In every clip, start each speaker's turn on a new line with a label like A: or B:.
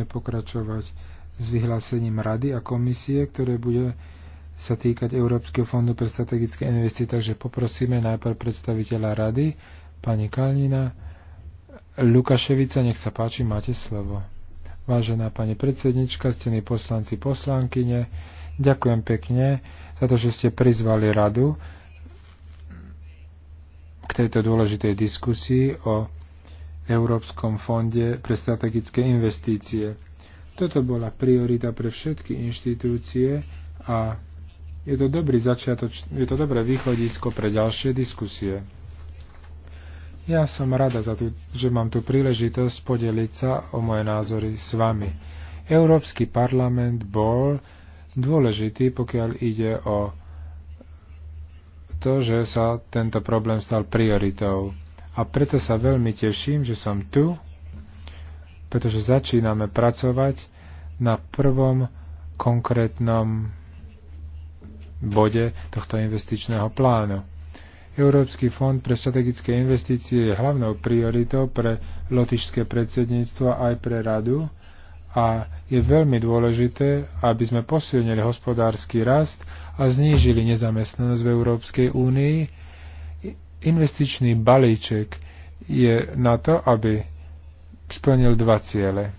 A: pokračovať s vyhlásením Rady a komisie, ktoré bude sa týkať Európskeho fondu pre strategické investície. Takže poprosíme najprv predstaviteľa Rady, pani Kalnina. Lukaševica, nech sa páči, máte slovo. Vážená pani predsednička, stení poslanci, poslankyne, ďakujem pekne za to, že ste prizvali radu k tejto dôležitej diskusii o Európskom fonde pre strategické investície. Toto bola priorita pre všetky inštitúcie a je to, dobrý začiatoč, je to dobré východisko pre ďalšie diskusie. Ja som rada, za tú, že mám tu príležitosť podeliť sa o moje názory s vami. Európsky parlament bol dôležitý, pokiaľ ide o to, že sa tento problém stal prioritou a preto sa veľmi teším, že som tu, pretože začíname pracovať na prvom konkrétnom bode tohto investičného plánu. Európsky fond pre strategické investície je hlavnou prioritou pre lotišské predsedníctvo aj pre radu a je veľmi dôležité, aby sme posilnili hospodársky rast a znížili nezamestnanosť v Európskej únii Investičný balíček je na to, aby splnil dva ciele.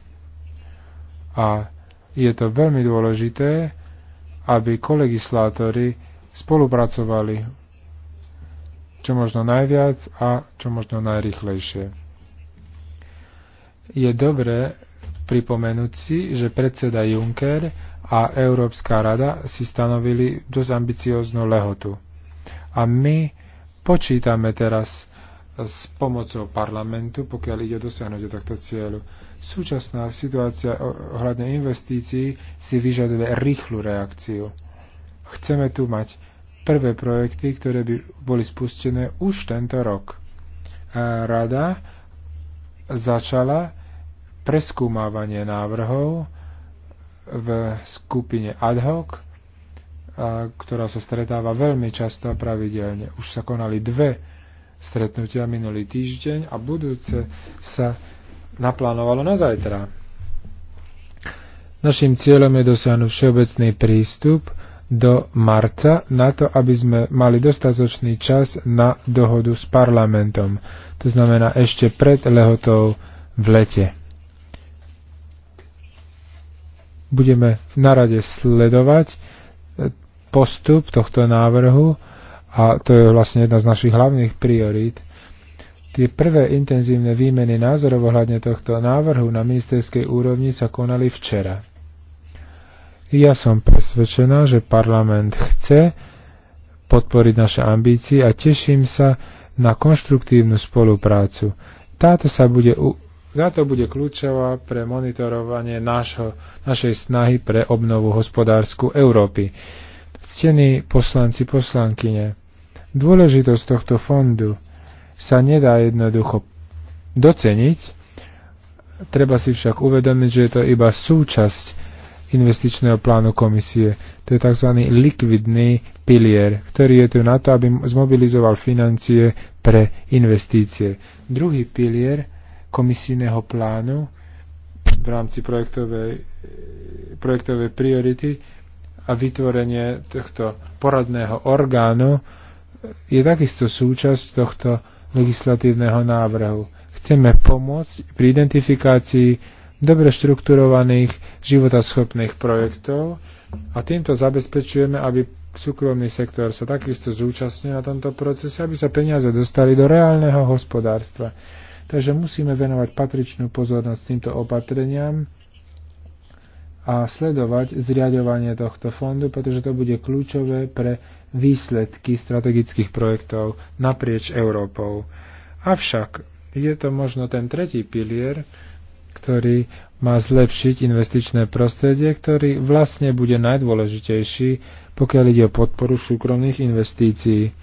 A: A je to veľmi dôležité, aby kolegislátori spolupracovali čo možno najviac a čo možno najrychlejšie. Je dobré pripomenúť si, že predseda Juncker a Európska rada si stanovili dosť ambicióznu lehotu. A my Počítame teraz s pomocou parlamentu, pokiaľ ide dosiahnuť tohto cieľu. Súčasná situácia ohľadne investícií si vyžaduje rýchlu reakciu. Chceme tu mať prvé projekty, ktoré by boli spustené už tento rok. Rada začala preskúmávanie návrhov v skupine ad hoc ktorá sa stretáva veľmi často a pravidelne. Už sa konali dve stretnutia minulý týždeň a budúce sa naplánovalo na zajtra. Našim cieľom je dosiahnuť všeobecný prístup do marca na to, aby sme mali dostatočný čas na dohodu s parlamentom. To znamená ešte pred lehotou v lete. Budeme na rade sledovať, postup tohto návrhu a to je vlastne jedna z našich hlavných priorít. Tie prvé intenzívne výmeny názorov ohľadne tohto návrhu na ministerskej úrovni sa konali včera. Ja som presvedčená, že parlament chce podporiť naše ambície a teším sa na konštruktívnu spoluprácu. Táto sa bude u- táto bude kľúčová pre monitorovanie našho, našej snahy pre obnovu hospodársku Európy. Ctení poslanci, poslankyne, dôležitosť tohto fondu sa nedá jednoducho doceniť, treba si však uvedomiť, že je to iba súčasť investičného plánu komisie. To je tzv. likvidný pilier, ktorý je tu na to, aby zmobilizoval financie pre investície. Druhý pilier komisijného plánu v rámci projektovej, projektovej priority a vytvorenie tohto poradného orgánu je takisto súčasť tohto legislatívneho návrhu. Chceme pomôcť pri identifikácii dobre štrukturovaných životaschopných projektov a týmto zabezpečujeme, aby súkromný sektor sa takisto zúčastnil na tomto procese, aby sa peniaze dostali do reálneho hospodárstva. Takže musíme venovať patričnú pozornosť týmto opatreniam a sledovať zriadovanie tohto fondu, pretože to bude kľúčové pre výsledky strategických projektov naprieč Európou. Avšak je to možno ten tretí pilier, ktorý má zlepšiť investičné prostredie, ktorý vlastne bude najdôležitejší, pokiaľ ide o podporu súkromných investícií.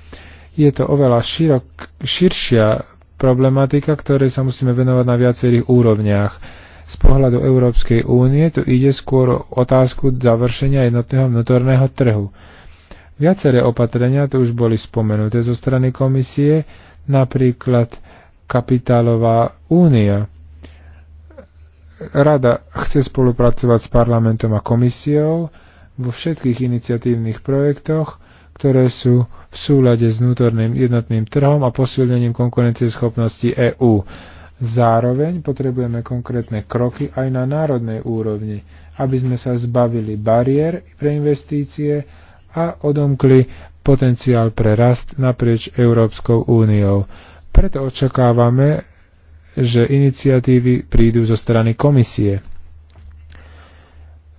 A: Je to oveľa širok, širšia problematika, ktorej sa musíme venovať na viacerých úrovniach z pohľadu Európskej únie tu ide skôr o otázku završenia jednotného vnútorného trhu. Viaceré opatrenia tu už boli spomenuté zo strany komisie, napríklad kapitálová únia. Rada chce spolupracovať s parlamentom a komisiou vo všetkých iniciatívnych projektoch, ktoré sú v súlade s vnútorným jednotným trhom a posilnením konkurencieschopnosti EÚ. Zároveň potrebujeme konkrétne kroky aj na národnej úrovni, aby sme sa zbavili bariér pre investície a odomkli potenciál pre rast naprieč Európskou úniou. Preto očakávame, že iniciatívy prídu zo strany komisie.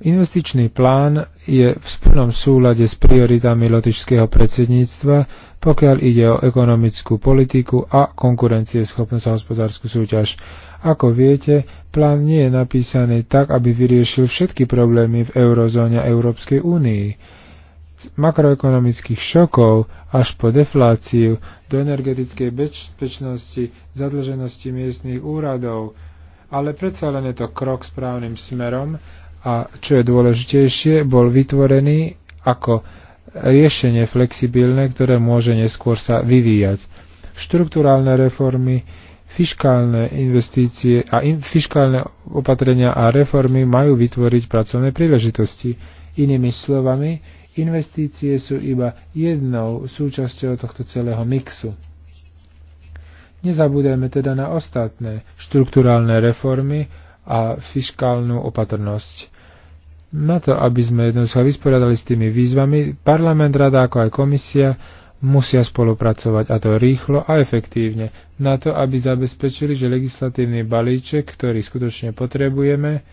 A: Investičný plán je v splnom súlade s prioritami lotišského predsedníctva, pokiaľ ide o ekonomickú politiku a schopnosť a hospodárskú súťaž. Ako viete, plán nie je napísaný tak, aby vyriešil všetky problémy v eurozóne a Európskej únii. Z makroekonomických šokov až po defláciu do energetickej bezpečnosti, zadlženosti miestnych úradov, ale predsa len je to krok správnym smerom a čo je dôležitejšie, bol vytvorený ako riešenie flexibilné, ktoré môže neskôr sa vyvíjať. Štruktúrálne reformy, fiškálne investície a in, fiškálne opatrenia a reformy majú vytvoriť pracovné príležitosti. Inými slovami, investície sú iba jednou súčasťou tohto celého mixu. Nezabúdajme teda na ostatné štruktúrálne reformy a fiskálnu opatrnosť. Na to, aby sme jednoducho vysporiadali s tými výzvami, parlament, rada ako aj komisia musia spolupracovať a to rýchlo a efektívne, na to, aby zabezpečili, že legislatívny balíček, ktorý skutočne potrebujeme,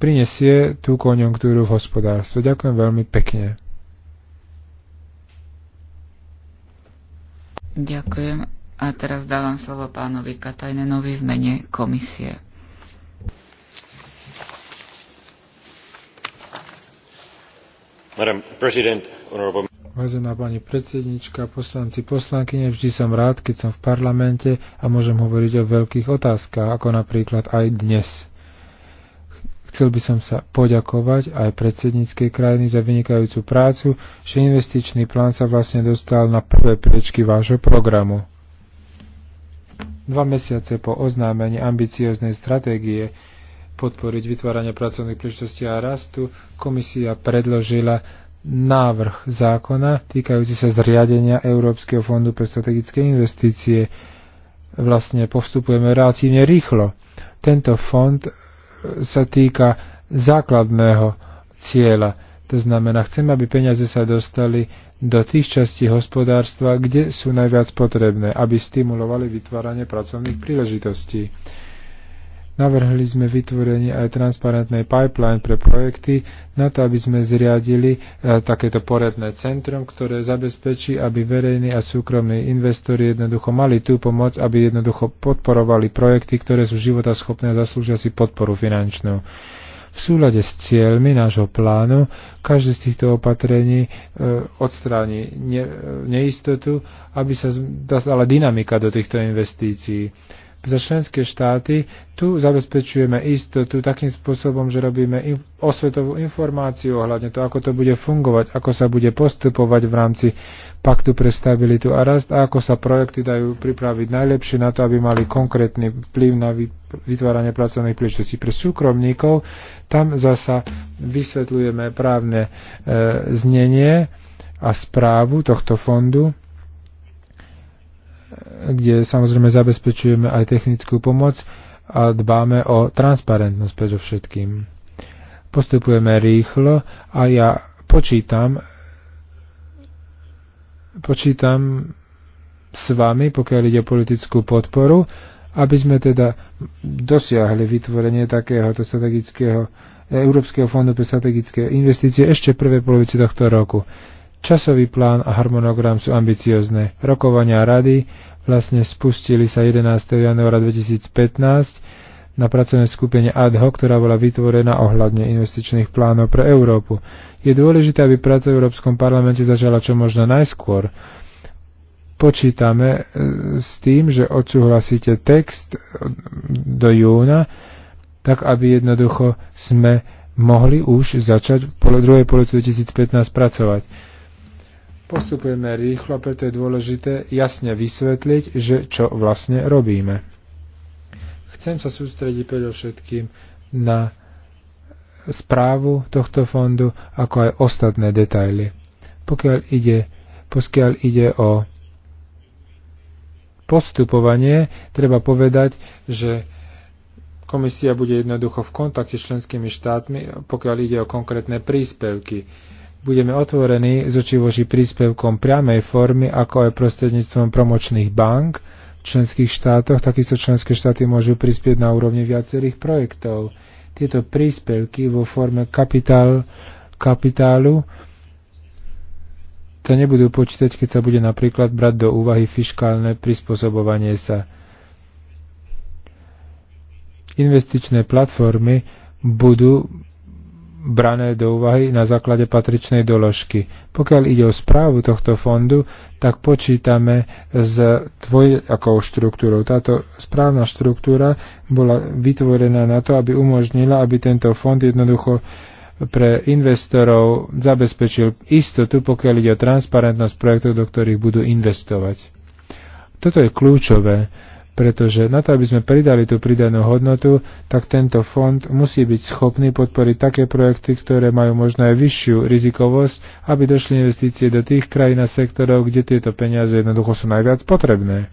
A: prinesie tú konjunktúru v hospodárstvo. Ďakujem veľmi pekne.
B: Ďakujem. A teraz dávam slovo pánovi Katajnenovi v mene komisie.
A: Vážená pani predsednička, poslanci, poslankyne, vždy som rád, keď som v parlamente a môžem hovoriť o veľkých otázkach, ako napríklad aj dnes. Chcel by som sa poďakovať aj predsedníckej krajiny za vynikajúcu prácu, že investičný plán sa vlastne dostal na prvé priečky vášho programu. Dva mesiace po oznámení ambicioznej stratégie podporiť vytváranie pracovných príležitostí a rastu, komisia predložila návrh zákona týkajúci sa zriadenia Európskeho fondu pre strategické investície. Vlastne postupujeme relatívne rýchlo. Tento fond e, sa týka základného cieľa. To znamená, chcem, aby peniaze sa dostali do tých častí hospodárstva, kde sú najviac potrebné, aby stimulovali vytváranie pracovných príležitostí. Navrhli sme vytvorenie aj transparentnej pipeline pre projekty, na to, aby sme zriadili e, takéto poradné centrum, ktoré zabezpečí, aby verejní a súkromní investori jednoducho mali tú pomoc, aby jednoducho podporovali projekty, ktoré sú životaschopné a zaslúžia si podporu finančnú. V súlade s cieľmi nášho plánu každé z týchto opatrení e, odstráni ne, e, neistotu, aby sa dala dynamika do týchto investícií za členské štáty. Tu zabezpečujeme istotu takým spôsobom, že robíme osvetovú informáciu ohľadne to, ako to bude fungovať, ako sa bude postupovať v rámci paktu pre stabilitu a rast a ako sa projekty dajú pripraviť najlepšie na to, aby mali konkrétny vplyv na vytváranie pracovných príležitostí pre súkromníkov. Tam zasa vysvetľujeme právne e, znenie a správu tohto fondu kde samozrejme zabezpečujeme aj technickú pomoc a dbáme o transparentnosť predovšetkým. Postupujeme rýchlo a ja počítam, počítam s vami, pokiaľ ide o politickú podporu, aby sme teda dosiahli vytvorenie takéhoto strategického Európskeho fondu pre strategické investície ešte v prvej polovici tohto roku. Časový plán a harmonogram sú ambiciozne. Rokovania rady vlastne spustili sa 11. januára 2015 na pracovnej skupine ad hoc, ktorá bola vytvorená ohľadne investičných plánov pre Európu. Je dôležité, aby práca v Európskom parlamente začala čo možno najskôr. Počítame e, s tým, že odsúhlasíte text do júna, tak aby jednoducho sme mohli už začať v druhej polovici 2015 pracovať Postupujeme rýchlo, preto je dôležité jasne vysvetliť, že čo vlastne robíme. Chcem sa sústrediť predovšetkým na správu tohto fondu, ako aj ostatné detaily. Pokiaľ ide, pokiaľ ide o postupovanie, treba povedať, že komisia bude jednoducho v kontakte s členskými štátmi, pokiaľ ide o konkrétne príspevky budeme otvorení z očivoží príspevkom priamej formy, ako aj prostredníctvom promočných bank v členských štátoch. Takisto členské štáty môžu prispieť na úrovni viacerých projektov. Tieto príspevky vo forme kapitál, kapitálu sa nebudú počítať, keď sa bude napríklad brať do úvahy fiskálne prispôsobovanie sa. Investičné platformy budú brané do úvahy na základe patričnej doložky. Pokiaľ ide o správu tohto fondu, tak počítame s dvojakou štruktúrou. Táto správna štruktúra bola vytvorená na to, aby umožnila, aby tento fond jednoducho pre investorov zabezpečil istotu, pokiaľ ide o transparentnosť projektov, do ktorých budú investovať. Toto je kľúčové pretože na to, aby sme pridali tú pridanú hodnotu, tak tento fond musí byť schopný podporiť také projekty, ktoré majú možno aj vyššiu rizikovosť, aby došli investície do tých krajín a sektorov, kde tieto peniaze jednoducho sú najviac potrebné.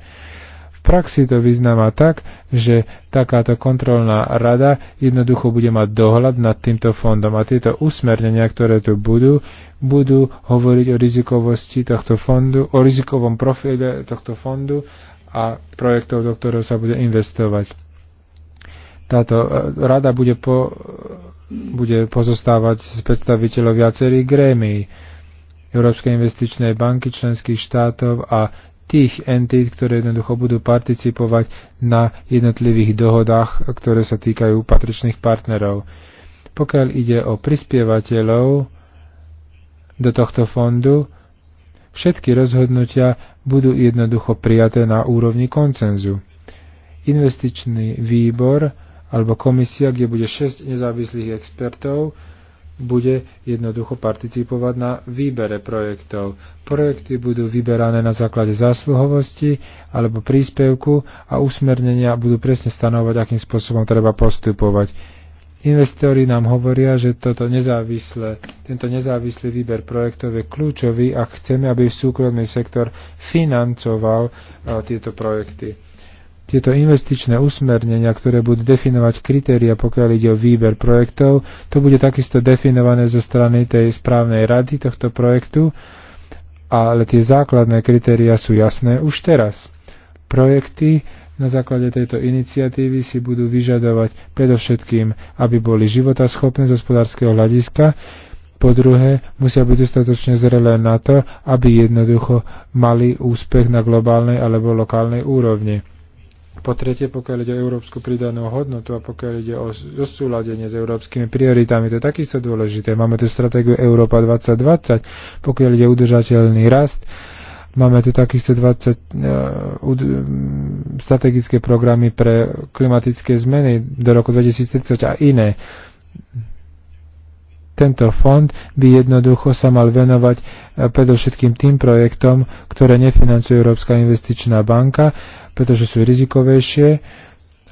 A: V praxi to vyznáva tak, že takáto kontrolná rada jednoducho bude mať dohľad nad týmto fondom a tieto usmernenia, ktoré tu budú, budú hovoriť o rizikovosti tohto fondu, o rizikovom profile tohto fondu a projektov, do ktorého sa bude investovať. Táto e, rada bude, po, bude pozostávať z predstaviteľov viacerých grémií Európskej investičnej banky, členských štátov a tých entít, ktoré jednoducho budú participovať na jednotlivých dohodách, ktoré sa týkajú patričných partnerov. Pokiaľ ide o prispievateľov do tohto fondu, všetky rozhodnutia budú jednoducho prijaté na úrovni koncenzu. Investičný výbor alebo komisia, kde bude 6 nezávislých expertov, bude jednoducho participovať na výbere projektov. Projekty budú vyberané na základe zásluhovosti alebo príspevku a usmernenia budú presne stanovať, akým spôsobom treba postupovať. Investori nám hovoria, že toto nezávislé, tento nezávislý výber projektov je kľúčový, ak chceme, aby súkromný sektor financoval a, e, tieto projekty. Tieto investičné usmernenia, ktoré budú definovať kritéria, pokiaľ ide o výber projektov, to bude takisto definované zo strany tej správnej rady tohto projektu, ale tie základné kritéria sú jasné už teraz. Projekty na základe tejto iniciatívy si budú vyžadovať predovšetkým, aby boli životaschopné z hospodárskeho hľadiska, po druhé, musia byť dostatočne zrelé na to, aby jednoducho mali úspech na globálnej alebo lokálnej úrovni. Po tretie, pokiaľ ide o európsku pridanú hodnotu a pokiaľ ide o zosúladenie s európskymi prioritami, to je takisto dôležité. Máme tu stratégiu Európa 2020, pokiaľ ide o udržateľný rast, Máme tu takisto 20 e, strategické programy pre klimatické zmeny do roku 2030 a iné. Tento fond by jednoducho sa mal venovať e, predovšetkým tým projektom, ktoré nefinancuje Európska investičná banka, pretože sú rizikovejšie,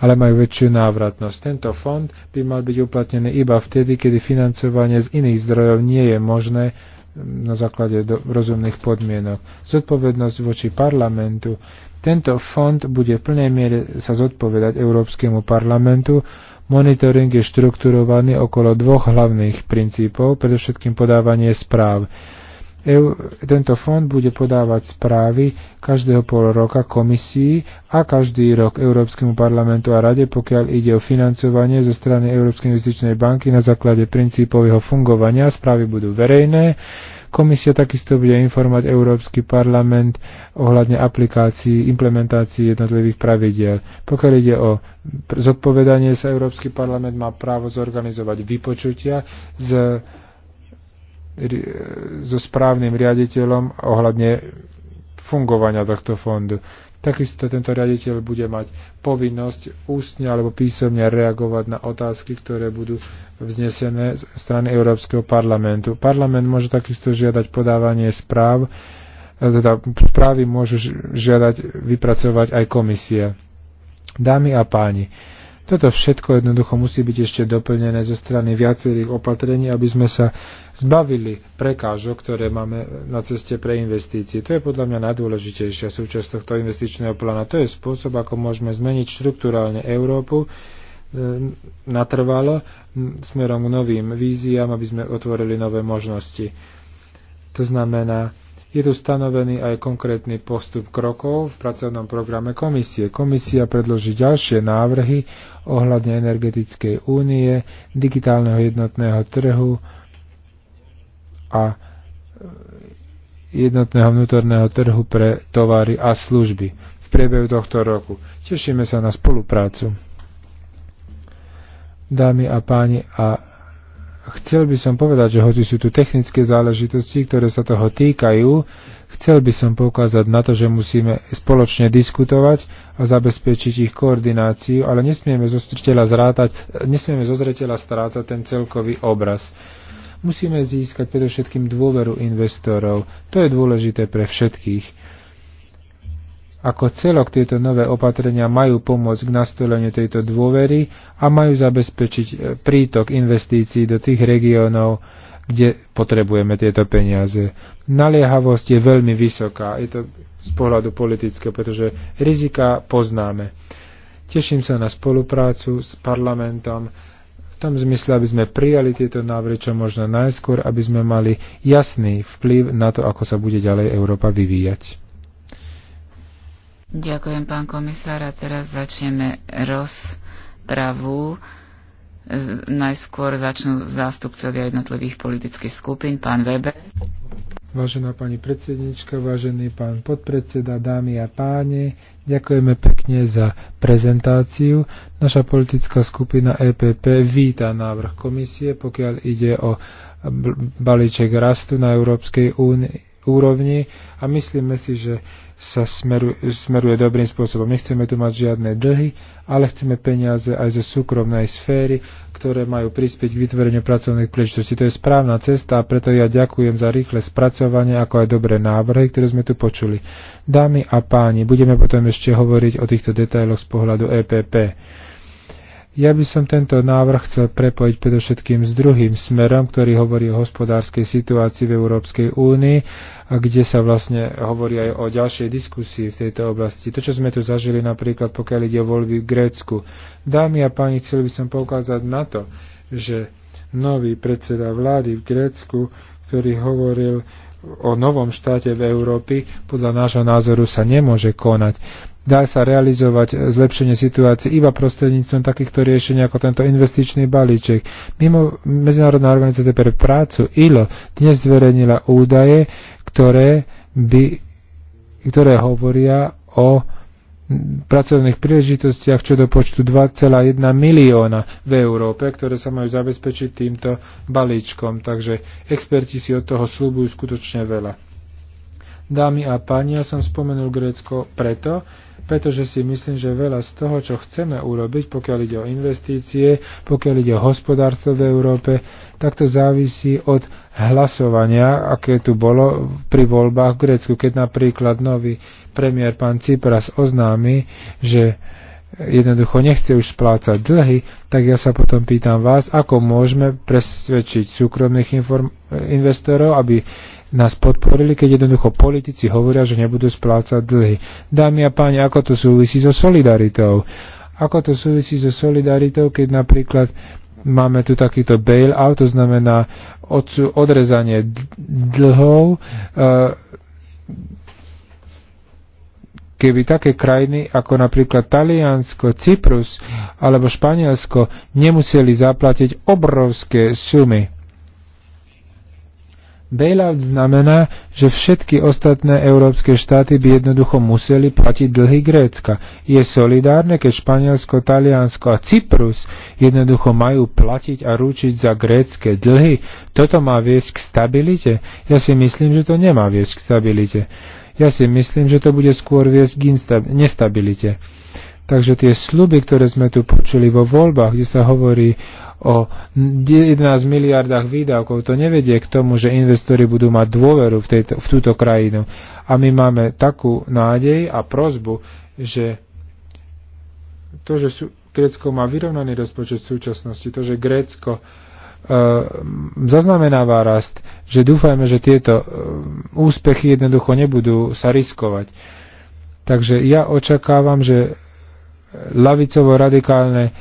A: ale majú väčšiu návratnosť. Tento fond by mal byť uplatnený iba vtedy, kedy financovanie z iných zdrojov nie je možné na základe do rozumných podmienok. Zodpovednosť voči parlamentu. Tento fond bude v plnej miere sa zodpovedať Európskemu parlamentu. Monitoring je štrukturovaný okolo dvoch hlavných princípov, predovšetkým podávanie správ. EU, tento fond bude podávať správy každého pol roka komisii a každý rok Európskemu parlamentu a rade, pokiaľ ide o financovanie zo strany Európskej investičnej banky na základe princípov jeho fungovania. Správy budú verejné. Komisia takisto bude informovať Európsky parlament ohľadne aplikácií, implementácií jednotlivých pravidiel. Pokiaľ ide o zodpovedanie sa, Európsky parlament má právo zorganizovať vypočutia z so správnym riaditeľom ohľadne fungovania tohto fondu. Takisto tento riaditeľ bude mať povinnosť ústne alebo písomne reagovať na otázky, ktoré budú vznesené z strany Európskeho parlamentu. Parlament môže takisto žiadať podávanie správ, teda správy môžu žiadať vypracovať aj komisie. Dámy a páni, toto všetko jednoducho musí byť ešte doplnené zo strany viacerých opatrení, aby sme sa zbavili prekážok, ktoré máme na ceste pre investície. To je podľa mňa najdôležitejšia súčasť tohto investičného plána. To je spôsob, ako môžeme zmeniť štruktúrálne Európu, e, natrvalo smerom k novým víziám, aby sme otvorili nové možnosti. To znamená, je tu stanovený aj konkrétny postup krokov v pracovnom programe komisie. Komisia predloží ďalšie návrhy ohľadne energetickej únie, digitálneho jednotného trhu a e, jednotného vnútorného trhu pre tovary a služby v priebehu tohto roku. Tešíme sa na spoluprácu. Dámy a páni, a chcel by som povedať, že hoci sú tu technické záležitosti, ktoré sa toho týkajú, chcel by som poukázať na to, že musíme spoločne diskutovať a zabezpečiť ich koordináciu, ale nesmieme zo zreteľa zrátať, nesmieme zo zreteľa strácať ten celkový obraz. Musíme získať predovšetkým dôveru investorov. To je dôležité pre všetkých ako celok tieto nové opatrenia majú pomôcť k nastoleniu tejto dôvery a majú zabezpečiť e, prítok investícií do tých regiónov, kde potrebujeme tieto peniaze. Naliehavosť je veľmi vysoká, je to z pohľadu politického, pretože rizika poznáme. Teším sa na spoluprácu s parlamentom v tom zmysle, aby sme prijali tieto návrhy čo možno najskôr, aby sme mali jasný vplyv na to, ako sa bude ďalej Európa vyvíjať.
B: Ďakujem, pán komisár. A teraz začneme rozpravu. Najskôr začnú zástupcovia jednotlivých politických skupín. Pán Weber.
A: Vážená pani predsednička, vážený pán podpredseda, dámy a páni, ďakujeme pekne za prezentáciu. Naša politická skupina EPP víta návrh komisie, pokiaľ ide o balíček rastu na Európskej únii úrovni a myslíme si, že sa smeruje, smeruje dobrým spôsobom. Nechceme tu mať žiadne dlhy, ale chceme peniaze aj zo súkromnej sféry, ktoré majú prispieť k vytvoreniu pracovných príležitostí. To je správna cesta a preto ja ďakujem za rýchle spracovanie, ako aj dobré návrhy, ktoré sme tu počuli. Dámy a páni, budeme potom ešte hovoriť o týchto detailoch z pohľadu EPP. Ja by som tento návrh chcel prepojiť predovšetkým s druhým smerom, ktorý hovorí o hospodárskej situácii v Európskej únii a kde sa vlastne hovorí aj o ďalšej diskusii v tejto oblasti. To, čo sme tu zažili napríklad, pokiaľ ide o voľby v Grécku. Dámy a páni, chcel by som poukázať na to, že nový predseda vlády v Grécku, ktorý hovoril o novom štáte v Európy, podľa nášho názoru sa nemôže konať dá sa realizovať zlepšenie situácie iba prostredníctvom takýchto riešení ako tento investičný balíček. Mimo Medzinárodná organizácia pre prácu ILO dnes zverejnila údaje, ktoré, by, ktoré hovoria o pracovných príležitostiach čo do počtu 2,1 milióna v Európe, ktoré sa majú zabezpečiť týmto balíčkom. Takže experti si od toho slúbujú skutočne veľa. Dámy a páni, ja som spomenul Grécko preto, pretože si myslím, že veľa z toho, čo chceme urobiť, pokiaľ ide o investície, pokiaľ ide o hospodárstvo v Európe, tak to závisí od hlasovania, aké tu bolo pri voľbách v Grécku, keď napríklad nový premiér pán Cipras oznámi, že jednoducho nechce už splácať dlhy, tak ja sa potom pýtam vás, ako môžeme presvedčiť súkromných investorov, aby nás podporili, keď jednoducho politici hovoria, že nebudú splácať dlhy. Dámy a páni, ako to súvisí so solidaritou? Ako to súvisí so solidaritou, keď napríklad máme tu takýto bail-out, to znamená odrezanie dlhov, e, keby také krajiny ako napríklad Taliansko, Cyprus alebo Španielsko nemuseli zaplatiť obrovské sumy. Bailout znamená, že všetky ostatné európske štáty by jednoducho museli platiť dlhy Grécka. Je solidárne, keď Španielsko, Taliansko a Cyprus jednoducho majú platiť a ručiť za grécké dlhy. Toto má viesť k stabilite? Ja si myslím, že to nemá viesť k stabilite. Ja si myslím, že to bude skôr viesť k nestabilite. Takže tie sluby, ktoré sme tu počuli vo voľbách, kde sa hovorí o 11 miliardách výdavkov, to nevedie k tomu, že investori budú mať dôveru v, tejto, v túto krajinu. A my máme takú nádej a prozbu, že to, že sú, Grécko má vyrovnaný rozpočet v súčasnosti, to, že Grécko e, zaznamenáva rast, že dúfajme, že tieto e, úspechy jednoducho nebudú sa riskovať. Takže ja očakávam, že lavicovo-radikálne e,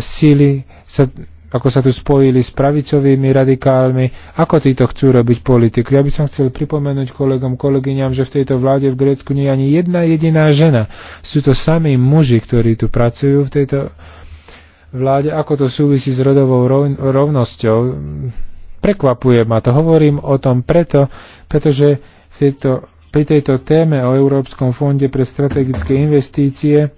A: síly, sa, ako sa tu spojili s pravicovými radikálmi, ako títo chcú robiť politiku. Ja by som chcel pripomenúť kolegom, kolegyňam, že v tejto vláde v Grécku nie je ani jedna jediná žena. Sú to sami muži, ktorí tu pracujú v tejto vláde. Ako to súvisí s rodovou rovnosťou? Prekvapuje ma to. Hovorím o tom preto, pretože v tejto, pri tejto téme o Európskom fonde pre strategické investície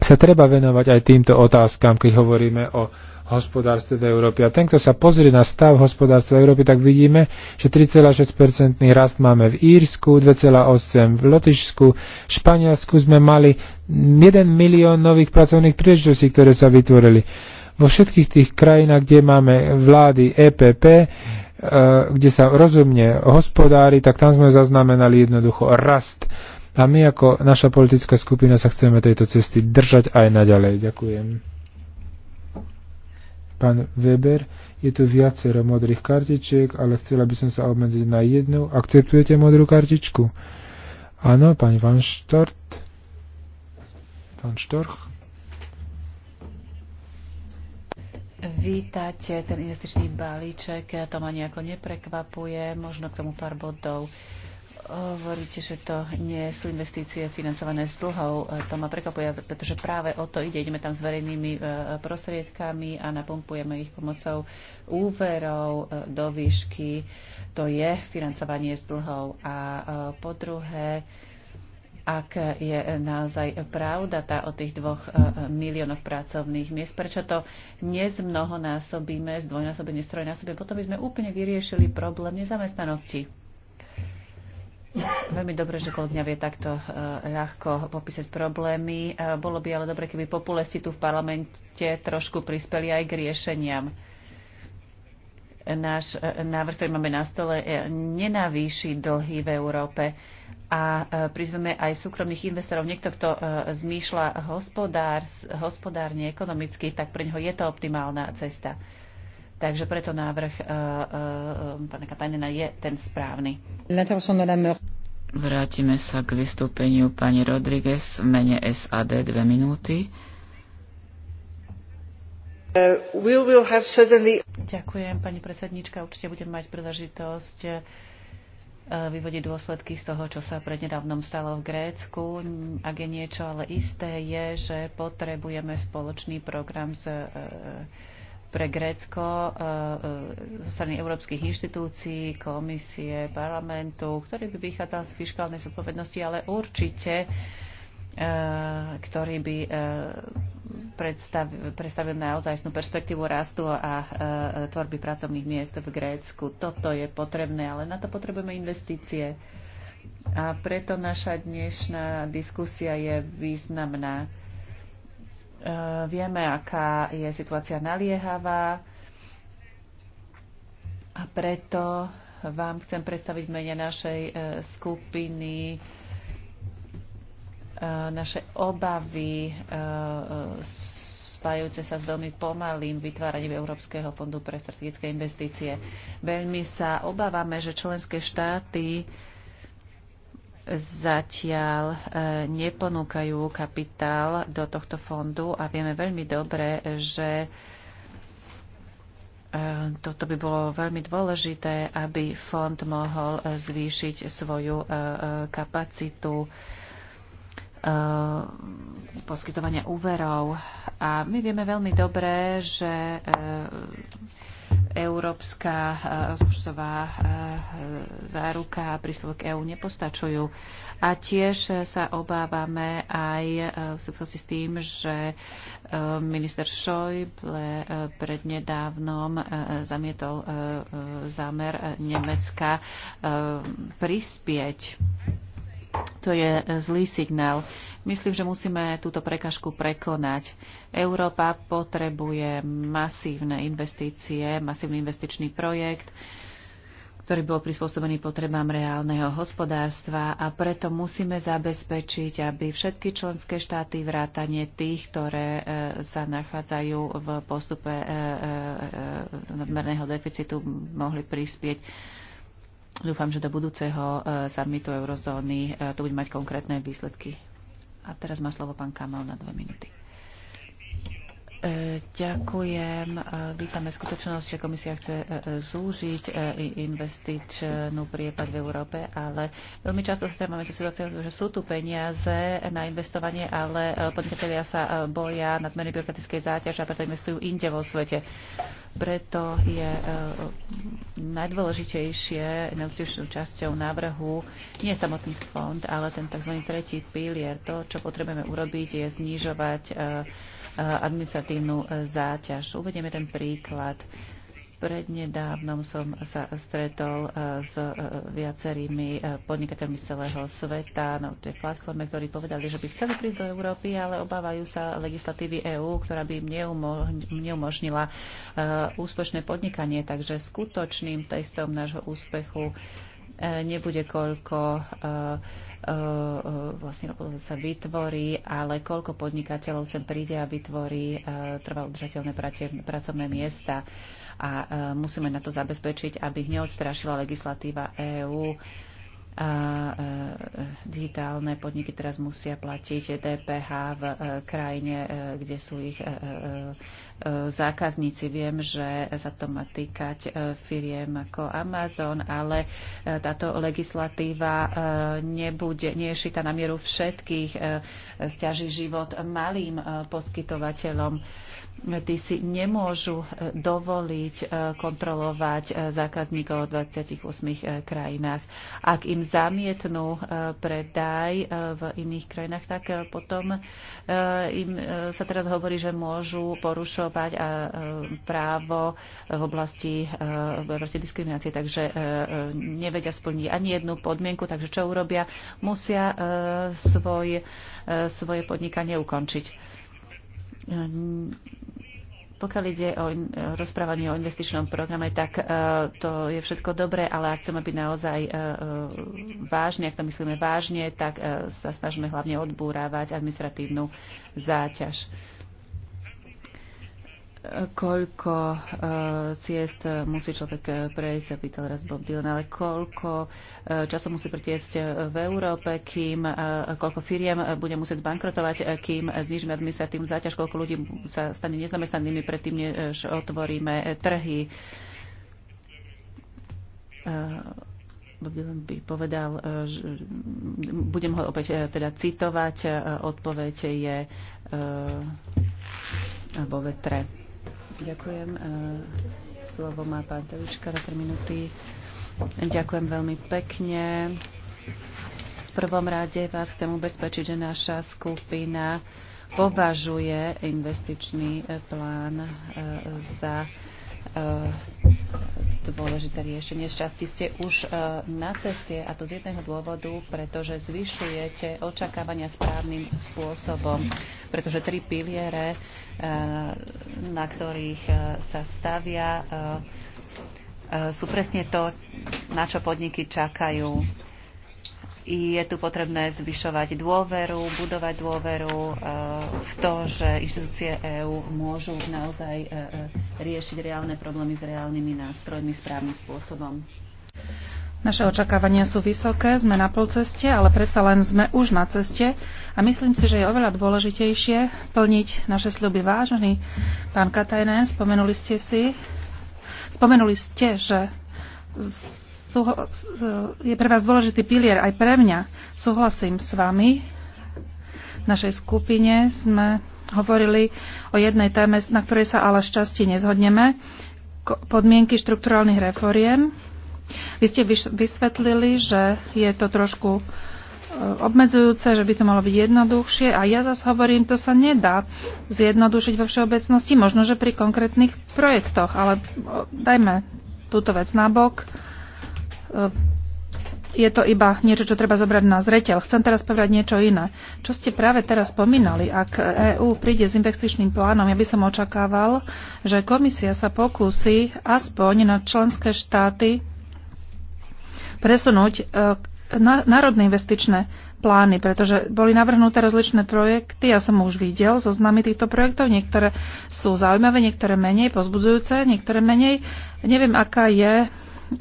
A: sa treba venovať aj týmto otázkam, keď hovoríme o hospodárstve v Európe. A ten, kto sa pozrie na stav hospodárstva v Európe, tak vidíme, že 3,6% rast máme v Írsku, 2,8% v Lotyšsku, v Španielsku sme mali 1 milión nových pracovných príležitostí, ktoré sa vytvorili. Vo všetkých tých krajinách, kde máme vlády EPP, e, kde sa rozumne hospodári, tak tam sme zaznamenali jednoducho rast a my ako naša politická skupina sa chceme tejto cesty držať aj naďalej. Ďakujem. Pán Weber, je tu viacero modrých kartičiek, ale chcela by som sa obmedziť na jednu. Akceptujete modrú kartičku? Áno, pani Van Štort. Van Štorch.
B: Vítate ten investičný balíček, to ma nejako neprekvapuje, možno k tomu pár bodov. Uh, Hovoríte, že to nie sú investície financované s dlhou. To ma prekvapuje, pretože práve o to ide. Ideme tam s verejnými e, prostriedkami a napumpujeme ich pomocou úverov e, do výšky. To je financovanie s dlhou. A e, po druhé, ak je naozaj pravda tá o tých dvoch miliónoch pracovných miest, prečo to nezmnohonásobíme, zdvojnásobenie, strojnásobie, potom by sme úplne vyriešili problém nezamestnanosti. Veľmi dobre, že kolegňa vie takto e, ľahko popísať problémy. E, bolo by ale dobre, keby populisti tu v parlamente trošku prispeli aj k riešeniam. Náš e, návrh, ktorý máme na stole, nenavýši dlhy v Európe a prizveme aj súkromných investorov. Niekto, kto zmýšľa hospodár, hospodárne, ekonomicky, tak pre neho je to optimálna cesta. Takže preto návrh e, e, e, pána Katajnena je ten správny. Vrátime sa k vystúpeniu pani Rodriguez v mene SAD dve minúty.
C: Uh, we will have suddenly... Ďakujem,
B: pani predsednička. Určite budem mať príležitosť vyvodiť dôsledky z toho, čo sa prednedávnom stalo v Grécku. Ak je niečo ale isté, je, že potrebujeme spoločný program s pre Grécko eh, eh, zo strany európskych inštitúcií, komisie, parlamentu, ktorý by vychádzal z fiskálnej zodpovednosti, ale určite eh, ktorý by predstavil, predstavil naozajstnú perspektívu rastu a tvorby pracovných miest v Grécku. Toto je potrebné, ale na to potrebujeme investície. A preto naša dnešná diskusia je významná Eh, vieme, aká je situácia naliehavá a preto vám chcem predstaviť mene našej eh, skupiny eh, naše obavy spájajúce sa s veľmi pomalým vytváraním Európskeho fondu pre strategické investície. Veľmi sa obávame, že členské štáty zatiaľ e, neponúkajú kapitál do tohto fondu a vieme veľmi dobre, že e, toto by bolo veľmi dôležité, aby fond mohol e, zvýšiť svoju kapacitu poskytovania úverov. A my vieme veľmi dobre, že európska eh, rozpočtová eh, záruka a príspevok EÚ nepostačujú. A tiež sa obávame aj eh, v súvislosti s tým, že minister Schäuble prednedávnom zamietol zámer Nemecka prispieť to je zlý signál. Myslím, že musíme túto prekažku prekonať. Európa potrebuje masívne investície, masívny investičný projekt, ktorý bol prispôsobený potrebám reálneho hospodárstva a preto musíme zabezpečiť, aby všetky členské štáty vrátane tých, ktoré e, sa nachádzajú v postupe e, e, nadmerného deficitu, mohli prispieť Dúfam, že do budúceho eh, summitu eurozóny eh, to bude mať konkrétne výsledky. A teraz má slovo pán Kamel na dve minúty. E, ďakujem. E, vítame skutočnosť, že komisia chce e, zúžiť investičnú priepad v Európe, ale veľmi často sa máme tú situáciu, že sú tu peniaze na investovanie, ale podnikatelia sa boja nadmerne byrokratickej záťaže a preto investujú inde vo svete. Preto je najdôležitejšie, najúčnejšou časťou návrhu nie samotný fond, ale ten tzv. tretí pilier. To, čo potrebujeme urobiť, je znižovať Eh, administratívnu eh, záťaž. Uvediem jeden príklad. Prednedávnom som sa stretol eh, s viacerými podnikateľmi z celého sveta na no, tej platforme, ktorí povedali, že by chceli prísť do Európy, ale obávajú sa legislatívy EÚ, ktorá by im neumožnila úspešné podnikanie. Takže skutočným testom nášho úspechu E, nebude koľko e, e, vlastne sa vytvorí, ale koľko podnikateľov sem príde a vytvorí trvalo udržateľné pracovné miesta. A musíme na to zabezpečiť, aby ich neodstrašila legislatíva EÚ a digitálne podniky teraz musia platiť DPH v e, krajine, e, kde sú ich e, zákazníci. Viem, že sa to má týkať firiem ako Amazon, ale táto legislatíva nebude, nie je šita na mieru všetkých, stiaží život malým poskytovateľom tí si nemôžu e, dovoliť e, kontrolovať e, zákazníkov v 28 krajinách. Ak im zamietnú predaj v iných krajinách, tak potom im sa teraz hovorí, že môžu porušovať právo v oblasti oblasti diskriminácie, takže nevedia splniť ani jednu podmienku, takže čo urobia? Musia svoj, svoje podnikanie ukončiť pokiaľ ide o rozprávanie o investičnom programe, tak e, to je všetko dobré, ale ak chceme byť naozaj e, e, vážne, ak to myslíme vážne, tak sa snažíme hlavne odbúravať administratívnu záťaž koľko uh, ciest musí človek eh, prejsť, sa pýtal raz Bob Dylan, ale koľko uh, času musí pretiesť v Európe, kým, uh, koľko firiem bude musieť zbankrotovať, kým znižíme administratívnu záťaž, koľko ľudí sa stane nezamestnanými predtým, než otvoríme trhy. Bob Dylan by povedal, že, budem ho opäť teda citovať, odpoveď je vo vetre. Ďakujem. E, slovo má pán Telička na 3 minúty. Ďakujem veľmi pekne. V prvom rade vás chcem ubezpečiť, že naša skupina považuje investičný plán e, za E, dôležité riešenie. Šťastie ste už e, na ceste a to z jedného dôvodu, pretože zvyšujete očakávania správnym spôsobom, pretože tri piliere, e, na ktorých sa stavia, sú presne to, na čo podniky čakajú je tu potrebné zvyšovať dôveru, budovať dôveru e, v to, že inštitúcie EÚ môžu naozaj e, e, riešiť reálne problémy s reálnymi nástrojmi správnym spôsobom.
D: Naše očakávania sú vysoké, sme na polceste, ale predsa len sme už na ceste a myslím si, že je oveľa dôležitejšie plniť naše sľuby. Vážený pán Katajné, spomenuli ste si, spomenuli ste, že je pre vás dôležitý pilier, aj pre mňa. Súhlasím s vami. V našej skupine sme hovorili o jednej téme, na ktorej sa ale šťastie nezhodneme. Podmienky štrukturálnych reforiem. Vy ste vysvetlili, že je to trošku e, obmedzujúce, že by to malo byť jednoduchšie a ja zase hovorím, to sa nedá zjednodušiť vo všeobecnosti, možno, že pri konkrétnych projektoch, ale dajme túto vec nabok. bok je to iba niečo, čo treba zobrať na zreteľ. Chcem teraz povedať niečo iné. Čo ste práve teraz spomínali, ak EÚ príde s investičným plánom, ja by som očakával, že komisia sa pokúsi aspoň na členské štáty presunúť e, národné investičné plány, pretože boli navrhnuté rozličné projekty, ja som už videl zoznamy týchto projektov, niektoré sú zaujímavé, niektoré menej pozbudzujúce, niektoré menej. Neviem, aká je Eh,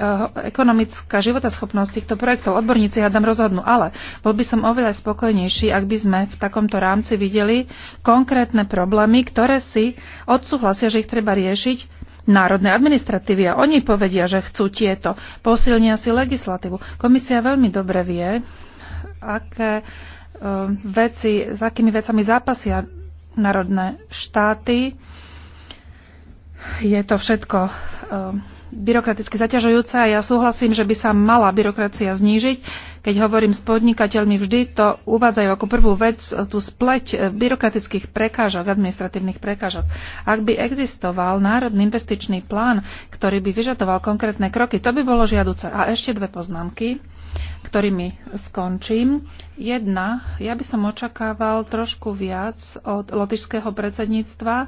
D: ekonomická životaschopnosť týchto projektov. Odborníci hádam rozhodnú, ale bol by som oveľa spokojnejší, ak by sme v takomto rámci videli konkrétne problémy, ktoré si odsúhlasia, že ich treba riešiť národné administratívy a oni povedia, že chcú tieto. Posilnia si legislatívu. Komisia veľmi dobre vie, aké eh, veci, s akými vecami zápasia národné štáty. Je to všetko eh, byrokraticky zaťažujúce a ja súhlasím, že by sa mala byrokracia znížiť. Keď hovorím s podnikateľmi, vždy to uvádzajú ako prvú vec tú spleť byrokratických prekážok, administratívnych prekážok. Ak by existoval národný investičný plán, ktorý by vyžadoval konkrétne kroky, to by bolo žiaduce. A ešte dve poznámky ktorými skončím. Jedna, ja by som očakával trošku viac od lotišského predsedníctva,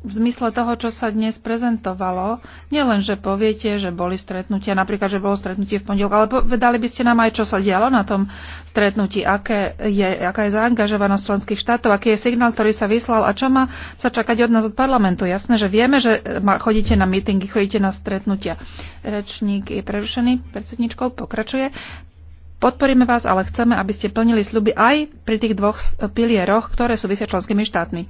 D: v zmysle toho, čo sa dnes prezentovalo, nielen, že poviete, že boli stretnutia, napríklad, že bolo stretnutie v pondelok, ale povedali by ste nám aj, čo sa dialo na tom stretnutí, aké je, aká je zaangažovanosť členských štátov, aký je signál, ktorý sa vyslal a čo má sa čakať od nás od parlamentu. Jasné, že vieme, že e, chodíte na mítingy, chodíte na stretnutia. Rečník je prerušený predsedničkou, pokračuje. Podporíme vás, ale chceme, aby ste plnili sľuby aj pri tých dvoch pilieroch, ktoré súvisia členskými štátmi.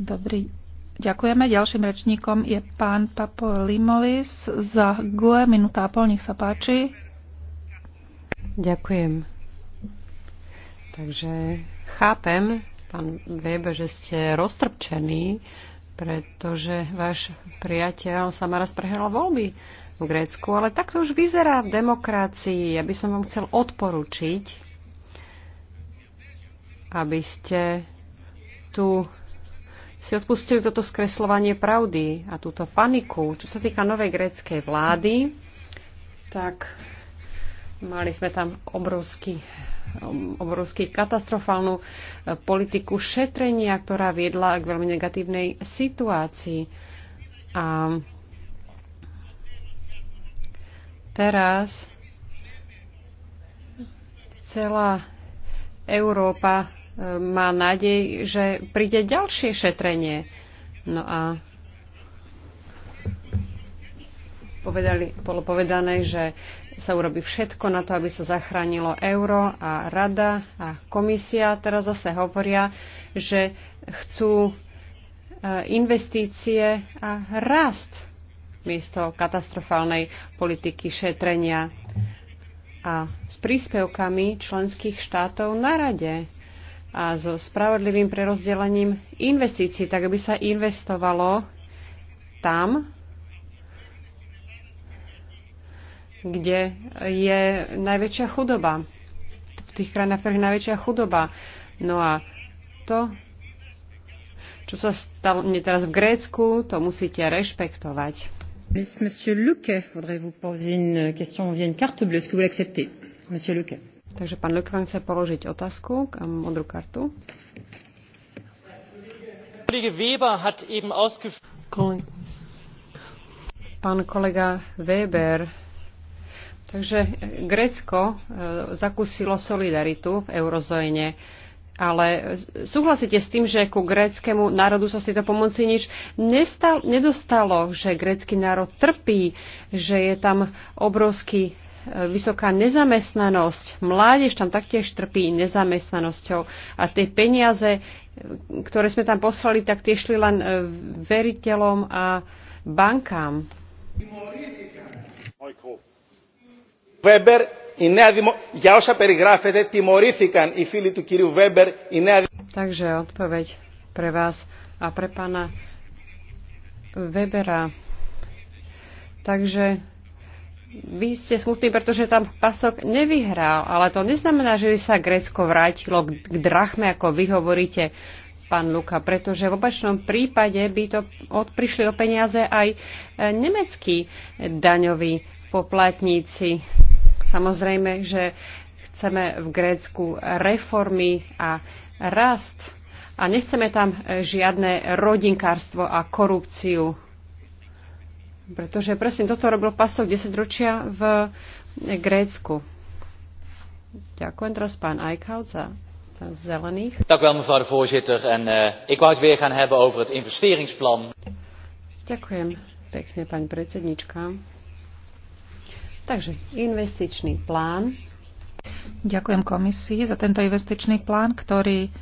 D: Dobrý Ďakujeme. Ďalším rečníkom je pán Papo Limolis za GUE. Minúta a pol, nech sa páči.
E: Ďakujem. Takže chápem, pán Weber, že ste roztrpčení, pretože váš priateľ sa raz prehral voľby v Grécku, ale tak to už vyzerá v demokracii. Ja by som vám chcel odporučiť, aby ste tu si odpustili toto skreslovanie pravdy a túto paniku. Čo sa týka novej gréckej vlády, tak mali sme tam obrovský, obrovský katastrofálnu e, politiku šetrenia, ktorá viedla k veľmi negatívnej situácii. A teraz celá Európa má nádej, že príde ďalšie šetrenie. No a povedali, bolo povedané, že sa urobí všetko na to, aby sa zachránilo euro a rada a komisia teraz zase hovoria, že chcú e, investície a rast miesto katastrofálnej politiky šetrenia a s príspevkami členských štátov na rade a so spravodlivým prerozdelením investícií, tak aby sa investovalo tam, kde je najväčšia chudoba. V tých krajinách, v ktorých je najväčšia chudoba. No a to, čo sa stalo nie teraz v Grécku, to musíte rešpektovať. Monsieur Lequet, voudrais vous poser une question via une carte bleue. Est-ce que vous l'acceptez, Monsieur Lequet? Takže pán Lekvan chce položiť otázku, um, modrú kartu. Pán kolega Weber, takže eh, Grécko eh, zakúsilo solidaritu v eurozóne. Ale súhlasíte s tým, že ku gréckému národu sa s tejto pomoci nič nestal, nedostalo, že grécky národ trpí, že je tam obrovský vysoká nezamestnanosť. Mládež tam taktiež trpí nezamestnanosťou. A tie peniaze, ktoré sme tam poslali, tak tie šli len e, veriteľom a bankám. Weber, Takže odpoveď pre vás a pre pána Webera. Takže vy ste smutní, pretože tam pasok nevyhral, ale to neznamená, že by sa Grécko vrátilo k drachme, ako vy hovoríte, pán Luka, pretože v opačnom prípade by to od, prišli o peniaze aj e, nemeckí daňoví poplatníci. Samozrejme, že chceme v Grécku reformy a rast a nechceme tam e, žiadne rodinkárstvo a korupciu pretože presne toto robil pasov 10 ročia v Grécku. Ďakujem teraz pán Eichhout za zelených.
B: Ďakujem, u wel mevrouw de voorzitter. En uh, ik wou het weer gaan hebben over het investeringsplan.
E: Ďakujem pekne pani predsednička. Takže investičný plán.
D: Ďakujem komisii za tento investičný plán, ktorý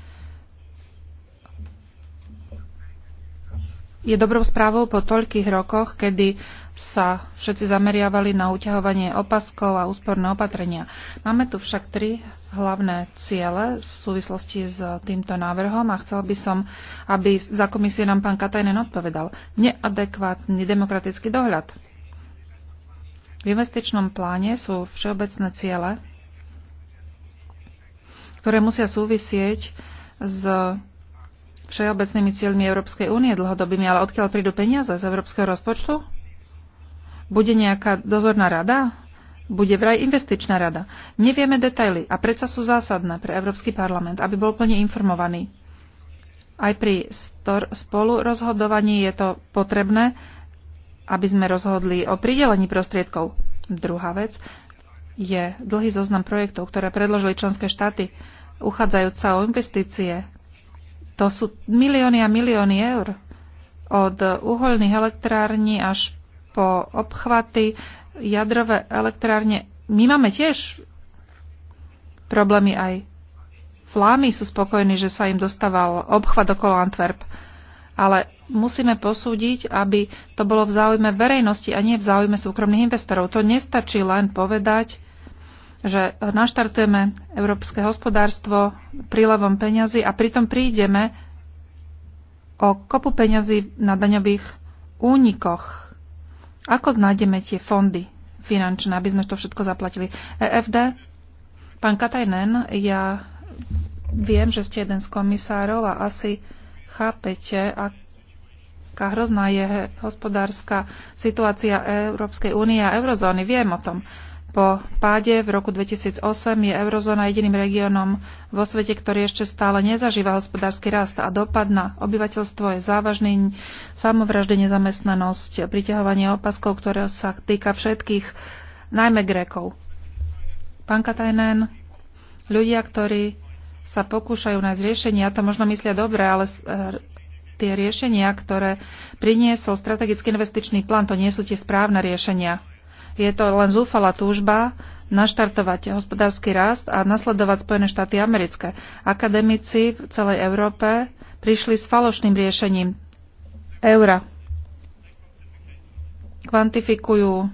D: je dobrou správou po toľkých rokoch, kedy sa všetci zameriavali na uťahovanie opaskov a úsporné opatrenia. Máme tu však tri hlavné ciele v súvislosti s týmto návrhom a chcel by som, aby za komisie nám pán Katajnen odpovedal. Neadekvátny demokratický dohľad. V investičnom pláne sú všeobecné ciele, ktoré musia súvisieť s všeobecnými cieľmi Európskej únie dlhodobými, ale odkiaľ prídu peniaze z európskeho rozpočtu? Bude nejaká dozorná rada? Bude vraj investičná rada. Nevieme detaily a predsa sú zásadné pre Európsky parlament, aby bol plne informovaný. Aj pri spolu rozhodovaní je to potrebné, aby sme rozhodli o pridelení prostriedkov. Druhá vec je dlhý zoznam projektov, ktoré predložili členské štáty, uchádzajúca o investície to sú milióny a milióny eur. Od uholných elektrární až po obchvaty jadrové elektrárne. My máme tiež problémy aj Flámy sú spokojní, že sa im dostával obchvat okolo Antwerp. Ale musíme posúdiť, aby to bolo v záujme verejnosti a nie v záujme súkromných investorov. To nestačí len povedať, že naštartujeme európske hospodárstvo prílevom peňazí a pritom prídeme o kopu peňazí na daňových únikoch. Ako nájdeme tie fondy finančné, aby sme to všetko zaplatili? EFD? Pán Katajnen, ja viem, že ste jeden z komisárov a asi chápete, aká hrozná je hospodárska situácia Európskej únie a eurozóny. Viem o tom. Po páde v roku 2008 je eurozóna jediným regiónom vo svete, ktorý ešte stále nezažíva hospodársky rast a dopad na obyvateľstvo je závažný. Samovraždy, nezamestnanosť, priťahovanie opaskov, ktoré sa týka všetkých, najmä Grékov. Pán Katajnen, ľudia, ktorí sa pokúšajú nájsť riešenia, to možno myslia dobre, ale e, tie riešenia, ktoré priniesol strategický investičný plán, to nie sú tie správne riešenia. Je to len zúfala túžba naštartovať hospodársky rast a nasledovať Spojené štáty americké. Akademici v celej Európe prišli s falošným riešením eura. Kvantifikujú,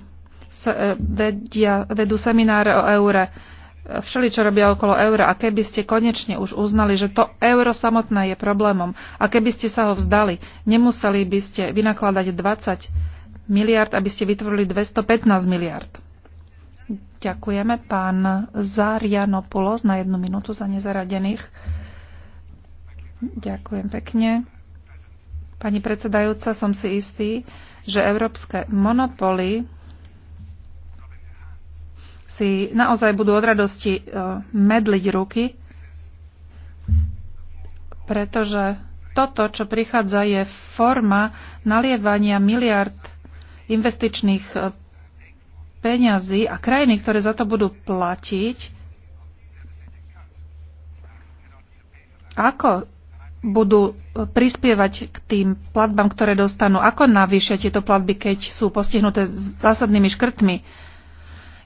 D: e, vedia, vedú semináre o eure, čo robia okolo eura a keby ste konečne už uznali, že to euro samotné je problémom a keby ste sa ho vzdali, nemuseli by ste vynakladať 20 miliard, aby ste vytvorili 215 miliard. Ďakujeme. Pán Zarianopoulos na jednu minútu za nezaradených. Ďakujem pekne. Pani predsedajúca, som si istý, že európske monopoly si naozaj budú od radosti e, medliť ruky, pretože toto, čo prichádza, je forma nalievania miliard investičných e, peňazí a krajiny, ktoré za to budú platiť, ako budú e, prispievať k tým platbám, ktoré dostanú, ako navýšia tieto platby, keď sú postihnuté zásadnými škrtmi.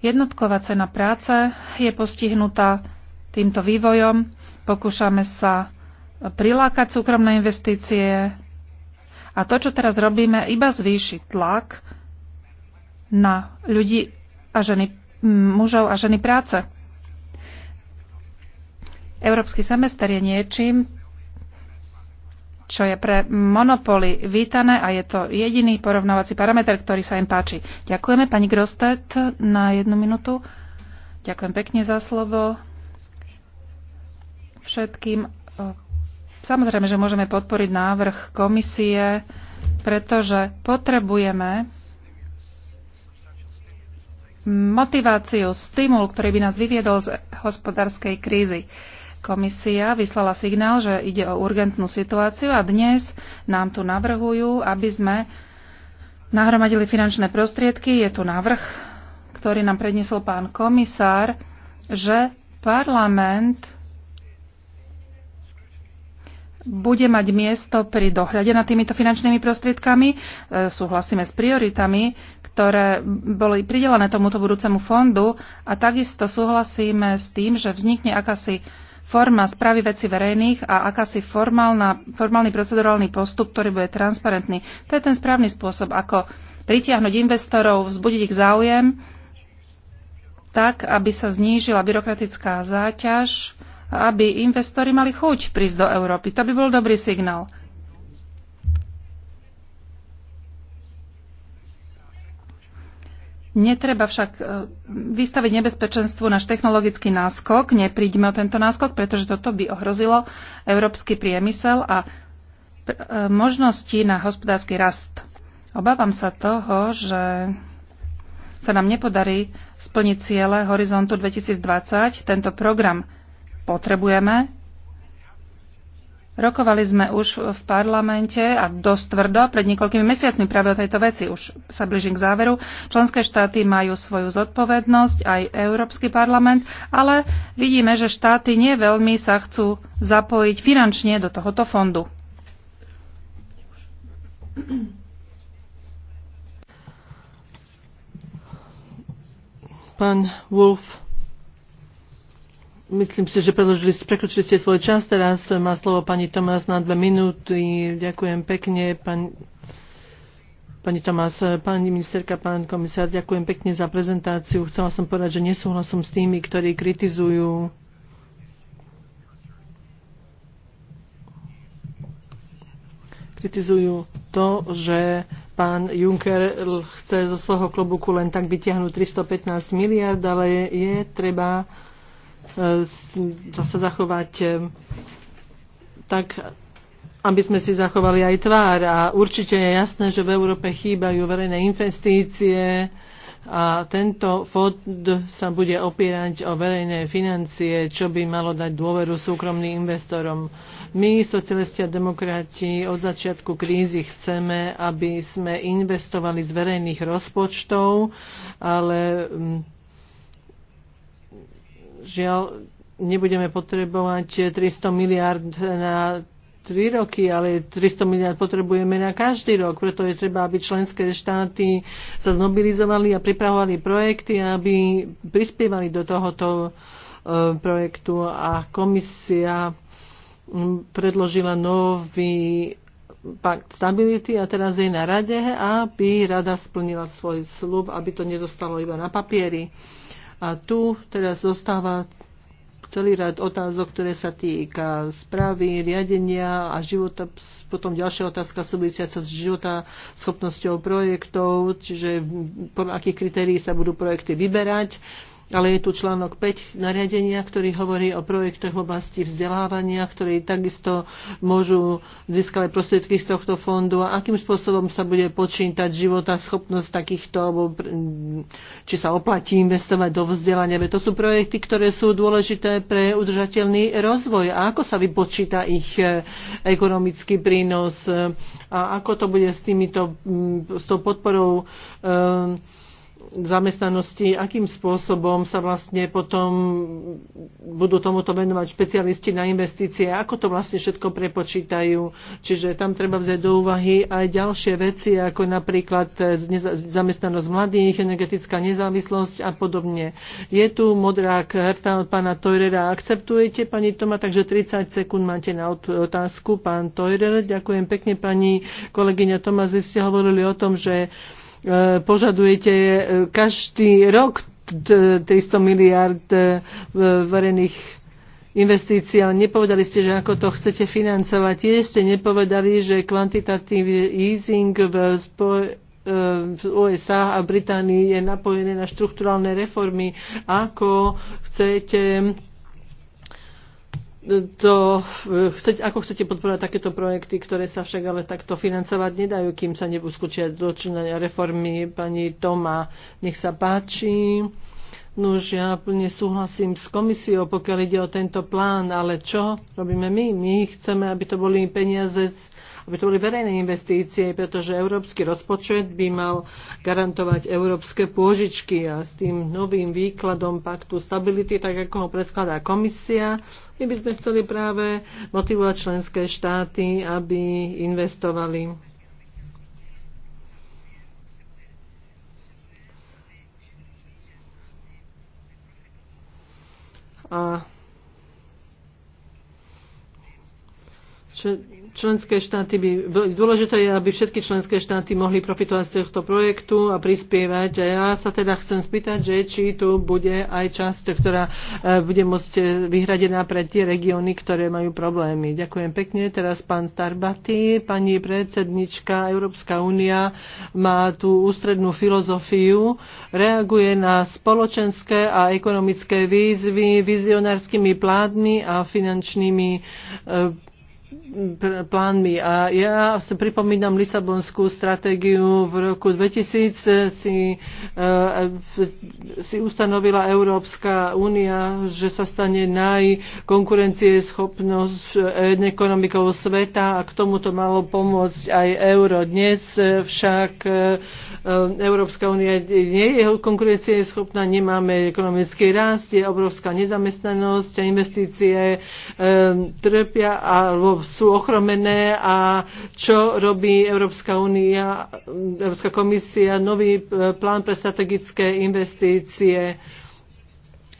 D: Jednotková cena práce je postihnutá týmto vývojom. Pokúšame sa prilákať súkromné investície, a to, čo teraz robíme, iba zvýši tlak na ľudí a ženy, mužov a ženy práce. Európsky semester je niečím, čo je pre monopoly vítané a je to jediný porovnávací parameter, ktorý sa im páči. Ďakujeme pani Grostet na jednu minútu. Ďakujem pekne za slovo všetkým Samozrejme, že môžeme podporiť návrh komisie, pretože potrebujeme motiváciu, stimul, ktorý by nás vyviedol z hospodárskej krízy. Komisia vyslala signál, že ide o urgentnú situáciu a dnes nám tu navrhujú, aby sme nahromadili finančné prostriedky. Je tu návrh, ktorý nám predniesol pán komisár, že parlament bude mať miesto pri dohľade nad týmito finančnými prostriedkami. E, súhlasíme s prioritami, ktoré boli pridelené tomuto budúcemu fondu a takisto súhlasíme s tým, že vznikne akási forma správy veci verejných a akási formálna, formálny procedurálny postup, ktorý bude transparentný. To je ten správny spôsob, ako pritiahnuť investorov, vzbudiť ich záujem, tak, aby sa znížila byrokratická záťaž, aby investori mali chuť prísť do Európy. To by bol dobrý signál. Netreba však e, vystaviť nebezpečenstvu náš technologický náskok, nepríďme o tento náskok, pretože toto by ohrozilo európsky priemysel a e, možnosti na hospodársky rast. Obávam sa toho, že sa nám nepodarí splniť ciele Horizontu 2020. Tento program potrebujeme. Rokovali sme už v parlamente a dosť tvrdo pred niekoľkými mesiacmi práve o tejto veci. Už sa blížim k záveru. Členské štáty majú svoju zodpovednosť, aj Európsky parlament, ale vidíme, že štáty nie veľmi sa chcú zapojiť finančne do tohoto fondu.
C: Pán Wolf Myslím si, že predložili, prekročili ste svoj čas. Teraz má slovo pani Tomás na dve minúty. Ďakujem pekne. Pani, pani Tomás, pani ministerka, pán komisár, ďakujem pekne za prezentáciu. Chcela som povedať, že nesúhlasom s tými, ktorí kritizujú kritizujú to, že pán Juncker chce zo svojho klobuku len tak vytiahnuť 315 miliard, ale je treba E, sa zachovať e, tak, aby sme si zachovali aj tvár. A určite je jasné, že v Európe chýbajú verejné investície a tento fond sa bude opierať o verejné financie, čo by malo dať dôveru súkromným investorom. My, socialisti a demokrati, od začiatku krízy chceme, aby sme investovali z verejných rozpočtov, ale mm, žiaľ, nebudeme potrebovať 300 miliard na 3 roky, ale 300 miliard potrebujeme na každý rok, preto je treba, aby členské štáty sa zmobilizovali a pripravovali projekty, aby prispievali do tohoto e, projektu a komisia predložila nový pakt stability a teraz je na rade, aby rada splnila svoj slub, aby to nezostalo iba na papieri. A tu teraz zostáva celý rad otázok, ktoré sa týka správy, riadenia a života. Potom ďalšia otázka súvisiaca s života, schopnosťou projektov, čiže podľa akých kritérií sa budú projekty vyberať ale je tu článok 5 nariadenia, ktorý hovorí o projektoch v oblasti vzdelávania, ktorí takisto môžu získať prostriedky z tohto fondu a akým spôsobom sa bude počítať života, schopnosť takýchto, či sa oplatí investovať do vzdelania. To sú projekty, ktoré sú dôležité pre udržateľný rozvoj. A ako sa vypočíta ich e, ekonomický prínos a ako to bude s, týmito, s tou podporou e, zamestnanosti, akým spôsobom sa vlastne potom budú tomuto venovať špecialisti na investície, ako to vlastne všetko prepočítajú. Čiže tam treba vziať do úvahy aj ďalšie veci, ako napríklad eh, zamestnanosť mladých, energetická nezávislosť a podobne. Je tu modrá karta od pána Tojrera. Akceptujete, pani Toma, takže 30 sekúnd máte na otázku. Pán Tojrer, ďakujem pekne, pani kolegyňa Tomas, vy ste hovorili o tom, že E, požadujete e, každý rok 300 miliard e, verejných investícií, ale nepovedali ste, že ako to chcete financovať. Tiež ste nepovedali, že kvantitatív easing v, v USA a Británii je napojené na štruktúralne reformy. Ako chcete to, e, ako chcete podporovať takéto projekty, ktoré sa však ale takto financovať nedajú, kým sa nebuskúčia zločinania reformy. Pani Toma, nech sa páči. No už ja plne súhlasím s komisiou, pokiaľ ide o tento plán, ale čo robíme my? My chceme, aby to boli peniaze z aby to boli verejné investície, pretože európsky rozpočet by mal garantovať európske pôžičky a s tým novým výkladom paktu stability, tak ako ho predkladá komisia, my by sme chceli práve motivovať členské štáty, aby investovali. A Členské štáty by, dôležité je, aby všetky členské štáty mohli profitovať z tohto projektu a prispievať. A ja sa teda chcem spýtať, že či tu bude aj časť, ktorá e, bude môcť e, vyhradená pre tie regióny, ktoré majú problémy. Ďakujem pekne. Teraz pán Starbaty, pani predsednička Európska únia má tú ústrednú filozofiu, reaguje na spoločenské a ekonomické výzvy vizionárskymi plánmi a finančnými e, plánmi. A ja si pripomínam Lisabonskú stratégiu v roku 2000 eh, si, eh, si ustanovila Európska únia, že sa stane najkonkurencieschopnosť eh, ekonomikou sveta a k tomuto malo pomôcť aj euro. Dnes však Európska únia nie je konkurencieschopná, nemáme ekonomický rast, je obrovská nezamestnanosť a investície trpia alebo sú ochromené a čo robí Európska únia, Európska komisia, nový e, plán pre strategické investície.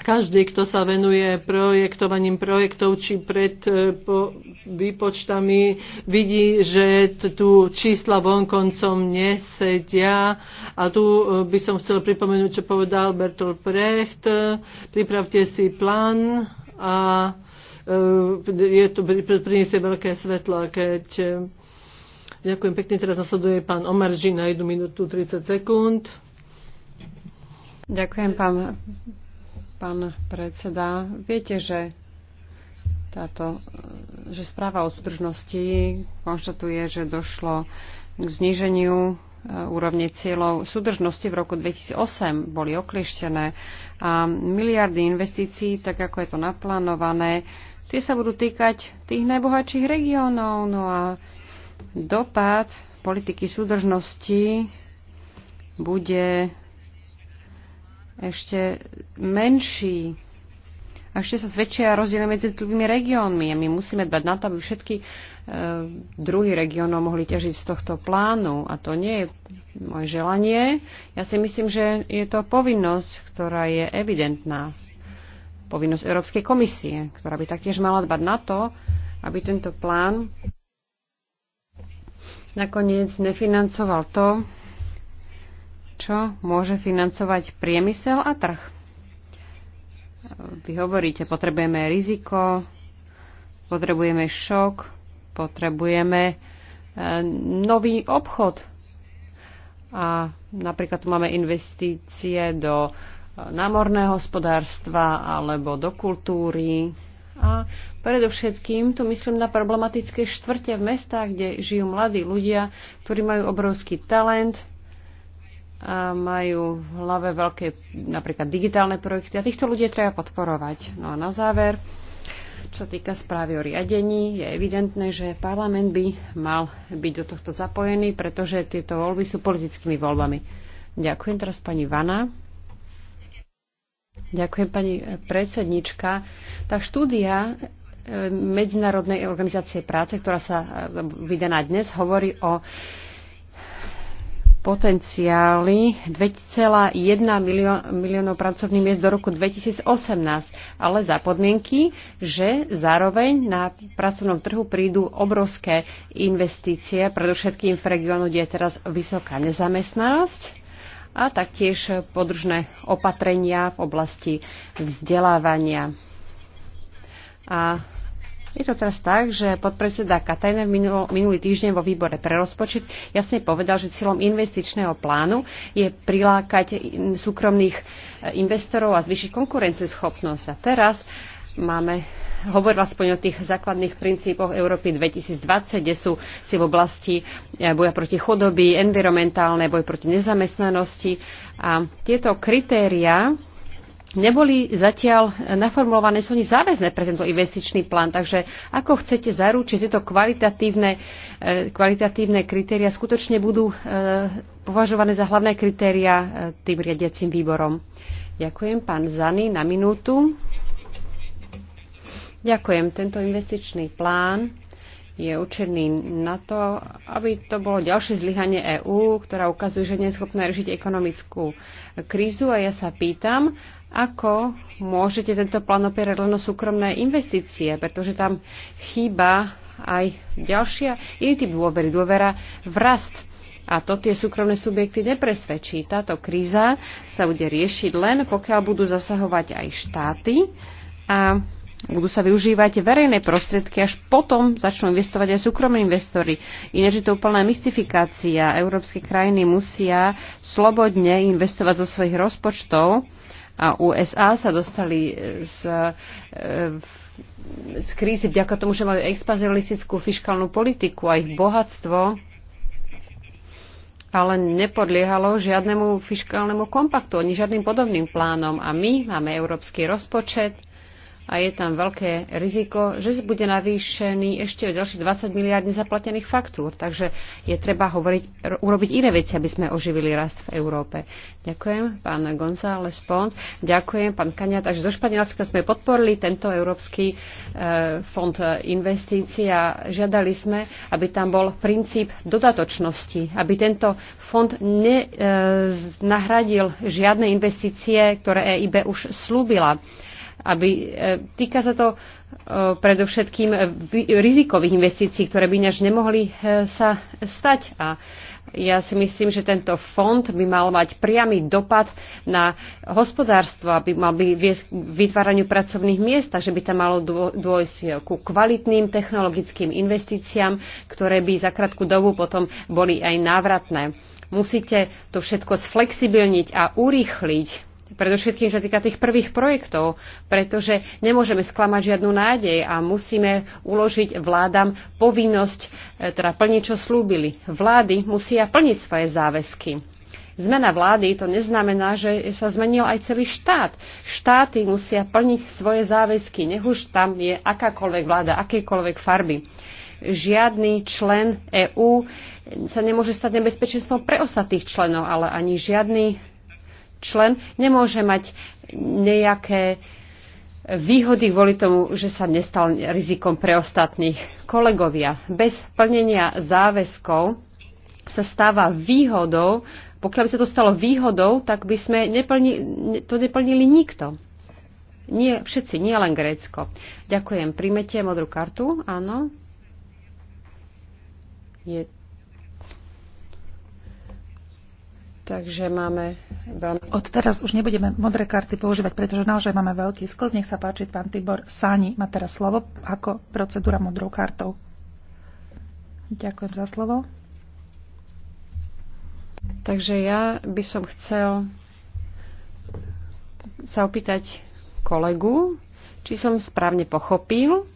C: Každý, kto sa venuje projektovaním projektov či pred e, po, výpočtami, vidí, že tu čísla vonkoncom nesedia. A tu e, by som chcel pripomenúť, čo povedal Bertolt Precht. Pripravte si plán a Eh, je to, priniesie veľké svetlo, keď eh, Ďakujem pekne, teraz nasleduje pán Omarži na 1 minútu 30 sekúnd. Ďakujem, pán, pán predseda. Viete,
E: že táto, eh, že správa o súdržnosti konštatuje, že došlo k zníženiu úrovne cieľov súdržnosti v roku 2008 boli oklieštené a miliardy investícií, tak ako je to naplánované, Tie sa budú týkať tých najbohatších regiónov. No a dopad politiky súdržnosti bude ešte menší a ešte sa zväčšia rozdiely medzi tými regiónmi. A my musíme dbať na to, aby všetky e, druhy regiónov mohli ťažiť z tohto plánu. A to nie je moje želanie. Ja si myslím, že je to povinnosť, ktorá je evidentná povinnosť Európskej komisie, ktorá by taktiež mala dbať na to, aby tento plán nakoniec nefinancoval to, čo môže financovať priemysel a trh. Vy hovoríte, potrebujeme riziko, potrebujeme šok, potrebujeme e, nový obchod. A napríklad tu máme investície do námorného hospodárstva alebo do kultúry. A predovšetkým tu myslím na problematické štvrte v mestách, kde žijú mladí ľudia, ktorí majú obrovský talent, a majú v hlave veľké napríklad digitálne projekty a týchto ľudí treba podporovať. No a na záver, čo sa týka správy o riadení, je evidentné, že parlament by mal byť do tohto zapojený, pretože tieto voľby sú politickými voľbami. Ďakujem teraz pani Vana. Ďakujem, pani e, predsednička. Tá štúdia e, Medzinárodnej organizácie práce, ktorá sa e, vydaná dnes, hovorí o potenciáli 2,1 milió- miliónov pracovných miest do roku 2018, ale za podmienky, že zároveň na pracovnom trhu prídu obrovské investície, predovšetkým v regiónu, kde je teraz vysoká nezamestnanosť a taktiež podružné opatrenia v oblasti vzdelávania. A je to teraz tak, že podpredseda Katajne minulý týždeň vo výbore pre rozpočet jasne povedal, že cieľom investičného plánu je prilákať súkromných investorov a zvýšiť konkurenceschopnosť. A teraz máme hovoril aspoň o tých základných princípoch Európy 2020, kde sú si v oblasti eh, boja proti chodoby, environmentálne, boj proti nezamestnanosti. A tieto kritéria neboli zatiaľ naformulované, sú oni záväzné pre tento investičný plán. Takže ako chcete zaručiť, tieto kvalitatívne, eh, kvalitatívne kritéria skutočne budú eh, považované za hlavné kritéria tým riadiacim výborom? Ďakujem. Pán Zany na minútu. Ďakujem. Tento investičný plán je určený na to, aby to bolo ďalšie zlyhanie EÚ, ktorá ukazuje, že nie je schopná riešiť ekonomickú krízu. A ja sa pýtam, ako môžete tento plán opierať len o súkromné investície, pretože tam chýba aj ďalšia, iný typ dôvery, dôvera v rast. A to tie súkromné subjekty nepresvedčí. Táto kríza sa bude riešiť len, pokiaľ budú zasahovať aj štáty. A budú sa využívať verejné prostriedky, až potom začnú investovať aj súkromní investori. Ináč je to úplná mystifikácia. Európske krajiny musia slobodne investovať zo svojich rozpočtov a USA sa dostali e, z, e, z krízy vďaka tomu, že majú expanzionistickú fiskálnu politiku a ich bohatstvo ale nepodliehalo žiadnemu fiskálnemu kompaktu, ani žiadnym podobným plánom. A my máme európsky rozpočet, a je tam veľké riziko, že bude navýšený ešte o ďalších 20 miliard nezaplatených faktúr. Takže je treba hovoriť, urobiť iné veci, aby sme oživili rast v Európe. Ďakujem, pán González Pons. Ďakujem, pán Kania. Takže zo Španielska sme podporili tento Európsky e, fond e, investícií a žiadali sme, aby tam bol princíp dodatočnosti, aby tento fond nenahradil e, žiadne investície, ktoré EIB už slúbila aby e, týka sa to e, predovšetkým e, rizikových investícií, ktoré by ináč nemohli sa stať. A ja si myslím, že tento fond by mal mať priamy dopad na hospodárstvo, aby mal by viesť k vytváraniu pracovných miest, takže by tam malo dôjsť ku kvalitným technologickým investíciám, ktoré by za krátku dobu potom boli aj návratné. Musíte to všetko sflexibilniť a urýchliť, predovšetkým, čo týka tých prvých projektov, pretože nemôžeme sklamať žiadnu nádej a musíme uložiť vládam povinnosť, e, teda plniť, čo slúbili. Vlády musia plniť svoje záväzky. Zmena vlády to neznamená, že sa zmenil aj celý štát. Štáty musia plniť svoje záväzky, nech už tam je akákoľvek vláda, akékoľvek farby. Žiadny člen EÚ sa nemôže stať nebezpečenstvom pre ostatných členov, ale ani žiadny člen nemôže mať nejaké výhody kvôli tomu, že sa nestal rizikom pre ostatných kolegovia. Bez plnenia záväzkov sa stáva výhodou, pokiaľ by sa to stalo výhodou, tak by sme neplni, to neplnili nikto. Nie, všetci, nie len Grécko. Ďakujem. Príjmete modrú kartu? Áno. Je Takže máme veľmi...
D: Od teraz už nebudeme modré karty používať, pretože naozaj máme veľký skos. Nech sa páči, pán Tibor Sáni má teraz slovo ako procedúra modrou kartou. Ďakujem
E: za slovo. Takže ja by som chcel sa opýtať kolegu, či som správne pochopil,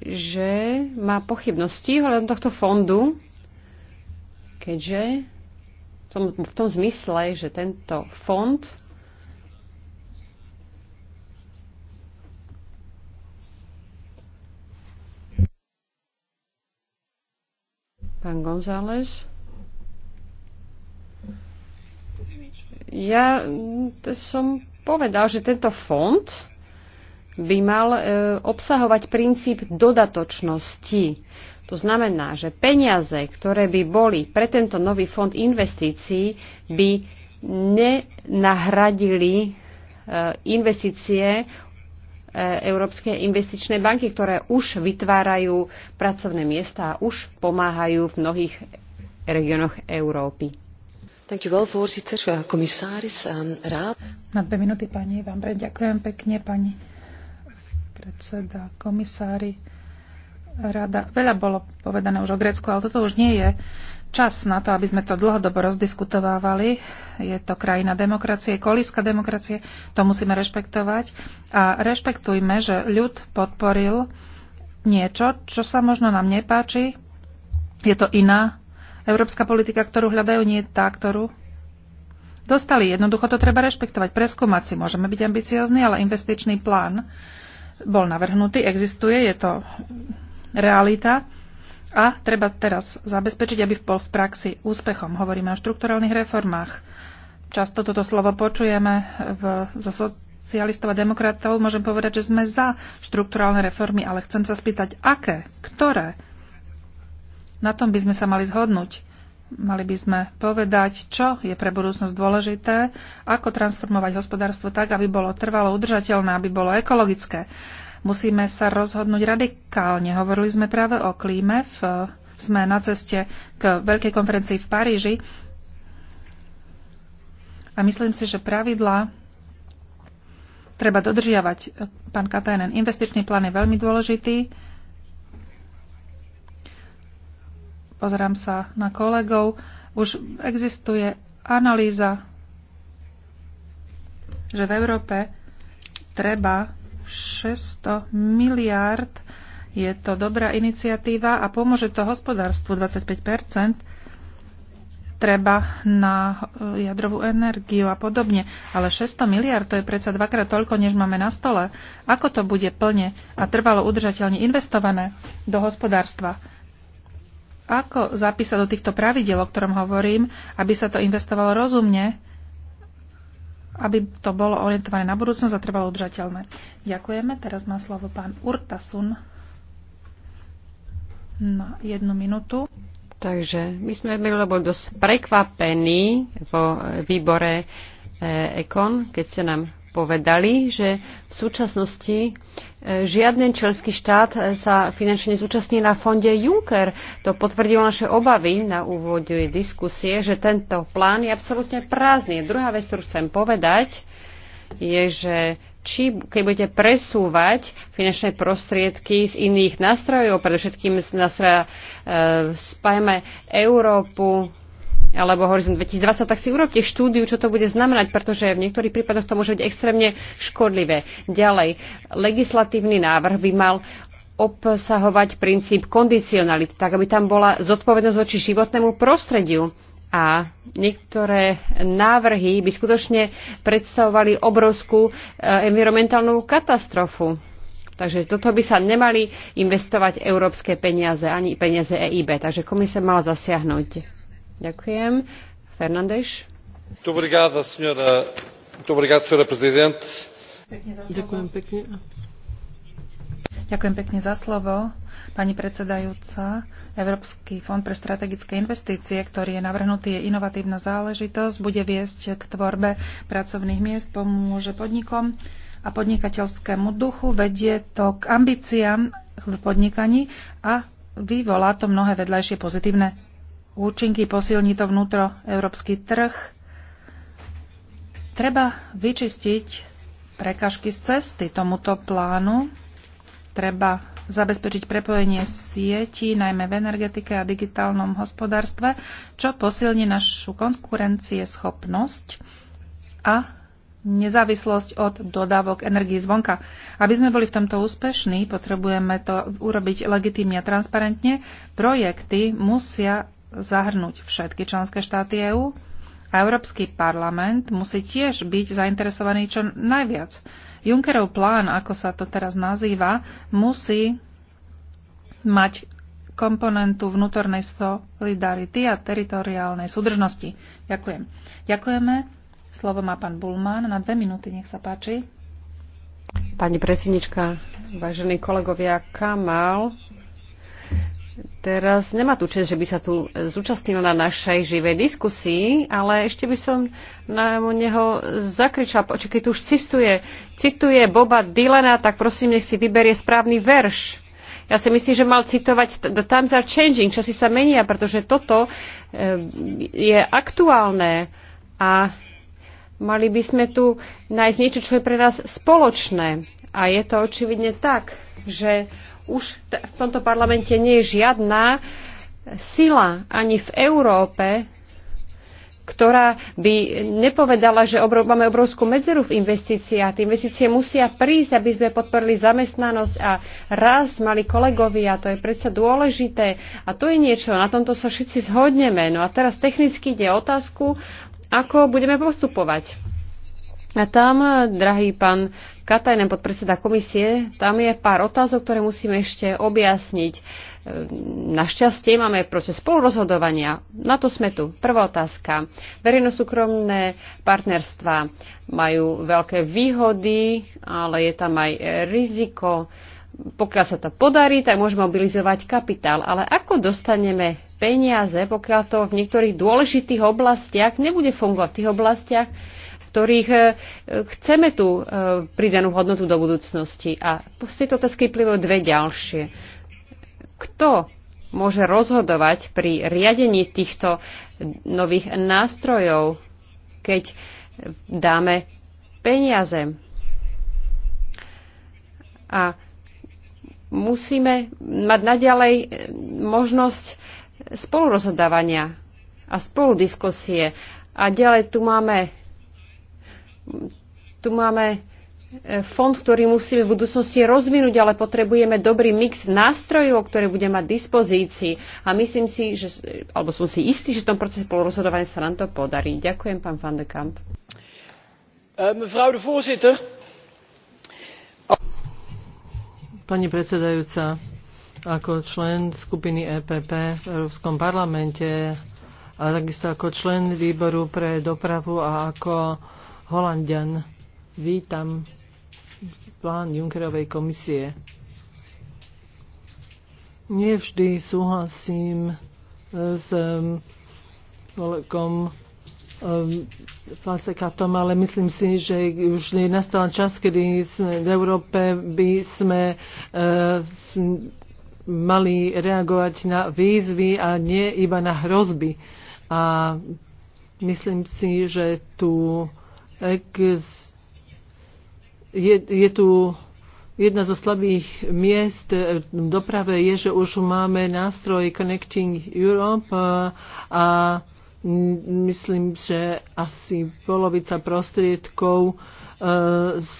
E: že má pochybnosti hľadom tohto fondu, keďže tom, v tom zmysle, že tento fond Pán González. Ja som povedal, že tento fond by mal e, obsahovať princíp dodatočnosti. To znamená, že peniaze, ktoré by boli pre tento nový fond investícií, by nenahradili e, investície e, Európskej investičnej banky, ktoré už vytvárajú pracovné miesta a už pomáhajú v mnohých regiónoch Európy. voorzitter, eh, rád. Eh,
D: Na dve minúty, pani Vambre, ďakujem pekne, pani predseda, komisári rada. Veľa bolo povedané už o Grécku, ale toto už nie je čas na to, aby sme to dlhodobo rozdiskutovávali. Je to krajina demokracie, kolíska demokracie, to musíme rešpektovať. A rešpektujme, že ľud podporil niečo, čo sa možno nám nepáči. Je to iná európska politika, ktorú hľadajú, nie tá, ktorú dostali. Jednoducho to treba rešpektovať, preskúmať si. Môžeme byť ambiciozni, ale investičný plán bol navrhnutý, existuje, je to realita a treba teraz zabezpečiť, aby bol v praxi úspechom. Hovoríme o štrukturálnych reformách. Často toto slovo počujeme v, zo socialistov a demokratov. Môžem povedať, že sme za štrukturálne reformy, ale chcem sa spýtať, aké, ktoré? Na tom by sme sa mali zhodnúť. Mali by sme povedať, čo je pre budúcnosť dôležité, ako transformovať hospodárstvo tak, aby bolo trvalo udržateľné, aby bolo ekologické. Musíme sa rozhodnúť radikálne. Hovorili sme práve o klíme. V, sme na ceste k veľkej konferencii v Paríži. A myslím si, že pravidla treba dodržiavať. Pán Katajnen, investičný plán je veľmi dôležitý. Pozerám sa na kolegov. Už existuje analýza, že v Európe treba 600 miliárd. Je to dobrá iniciatíva a pomôže to hospodárstvu 25 treba na eh, jadrovú energiu a podobne. Ale 600 miliard to je predsa dvakrát toľko, než máme na stole. Ako to bude plne a trvalo udržateľne investované do hospodárstva? Ako zapísať do týchto pravidel, o ktorom hovorím, aby sa to investovalo rozumne aby to bolo orientované na budúcnosť a trvalo udržateľné. Ďakujeme. Teraz má slovo pán Urtasun na jednu
E: minútu. Takže my sme boli lebo dosť prekvapení vo výbore eh, EKON, keď ste nám povedali, že v súčasnosti e, žiadny členský štát e, sa finančne zúčastní na fonde Juncker. To potvrdilo naše obavy na úvode diskusie, že tento plán je absolútne prázdny. Druhá vec, ktorú chcem povedať, je, že či, keď budete presúvať finančné prostriedky z iných nástrojov, predovšetkým z nástroja e, spájame Európu, alebo Horizon 2020, tak si urobte štúdiu, čo to bude znamenať, pretože v niektorých prípadoch to môže byť extrémne škodlivé. Ďalej, legislatívny návrh by mal obsahovať princíp kondicionality, tak aby tam bola zodpovednosť voči životnému prostrediu. A niektoré návrhy by skutočne predstavovali obrovskú eh, environmentálnu katastrofu. Takže do toho by sa nemali investovať európske peniaze, ani peniaze EIB. Takže komisia mala zasiahnuť. Ďakujem. Fernandeš. Ďakujem pekne.
D: Ďakujem pekne za slovo. Pani predsedajúca, Európsky fond pre strategické investície, ktorý je navrhnutý, je inovatívna záležitosť, bude viesť k tvorbe pracovných miest, pomôže podnikom a podnikateľskému duchu, vedie to k ambíciám v podnikaní a vyvolá to mnohé vedľajšie pozitívne účinky, posilní to vnútro európsky trh. Treba vyčistiť prekažky z cesty tomuto plánu. Treba zabezpečiť prepojenie sietí, najmä v energetike a digitálnom hospodárstve, čo posilní našu konkurencieschopnosť a nezávislosť od dodávok energii zvonka. Aby sme boli v tomto úspešní, potrebujeme to urobiť legitímne a transparentne. Projekty musia zahrnúť všetky členské štáty EÚ a Európsky parlament musí tiež byť zainteresovaný čo najviac. Junckerov plán, ako sa to teraz nazýva, musí mať komponentu vnútornej solidarity a teritoriálnej súdržnosti. Ďakujem. Ďakujeme. Slovo má pán Bulman. Na dve minúty, nech sa páči.
E: Pani predsednička, vážení kolegovia, Kamal teraz nemá tu čest, že by sa tu zúčastnil na našej živej diskusii, ale ešte by som na neho zakričala. Keď tu už cituje, cituje Boba Dylana, tak prosím, nech si vyberie správny verš. Ja si myslím, že mal citovať The times are changing, časy sa menia, pretože toto e, je aktuálne a mali by sme tu nájsť niečo, čo je pre nás spoločné. A je to očividne tak, že už v tomto parlamente nie je žiadna sila ani v Európe, ktorá by nepovedala, že obrov, máme obrovskú medzeru v investíciách. Investície musia prísť, aby sme podporili zamestnanosť a raz mali kolegovia, to je predsa dôležité a to je niečo, na tomto sa všetci zhodneme. No a teraz technicky ide otázku, ako budeme postupovať. A tam, drahý pán Katajnen, podpredseda komisie, tam je pár otázok, ktoré musíme ešte objasniť. E, našťastie máme proces spolurozhodovania. Na to sme tu. Prvá otázka. Verejno-súkromné partnerstva majú veľké výhody, ale je tam aj riziko. Pokiaľ sa to podarí, tak môžeme mobilizovať kapitál. Ale ako dostaneme peniaze, pokiaľ to v niektorých dôležitých oblastiach nebude fungovať v tých oblastiach, ktorých e, chceme tú e, pridanú hodnotu do budúcnosti. A z tejto otázky plývajú dve ďalšie. Kto môže rozhodovať pri riadení týchto nových nástrojov, keď dáme peniaze. A musíme mať naďalej e, možnosť spolurozhodávania a spoludiskusie. A ďalej tu máme tu máme e, fond, ktorý musíme v budúcnosti rozvinúť, ale potrebujeme dobrý mix nástrojov, ktoré bude mať dispozícii. A myslím si, že, alebo som si istý, že v tom procese polorozhodovania sa nám to podarí. Ďakujem, pán Van de Kamp.
C: E, Pani predsedajúca, ako člen skupiny EPP v Európskom parlamente, ale takisto ako člen výboru pre dopravu a ako Holandian. Vítam plán Junckerovej komisie. Nevždy súhlasím eh, s kolegom fasekatom, ale myslím si, že už je nastal čas, kedy sme v Európe by sme eh, mali reagovať na výzvy a nie iba na hrozby. A myslím si, že tu je, je tu Jedna zo slabých miest e, v doprave je, že už máme nástroj Connecting Europe e, a myslím, že asi polovica prostriedkov e, z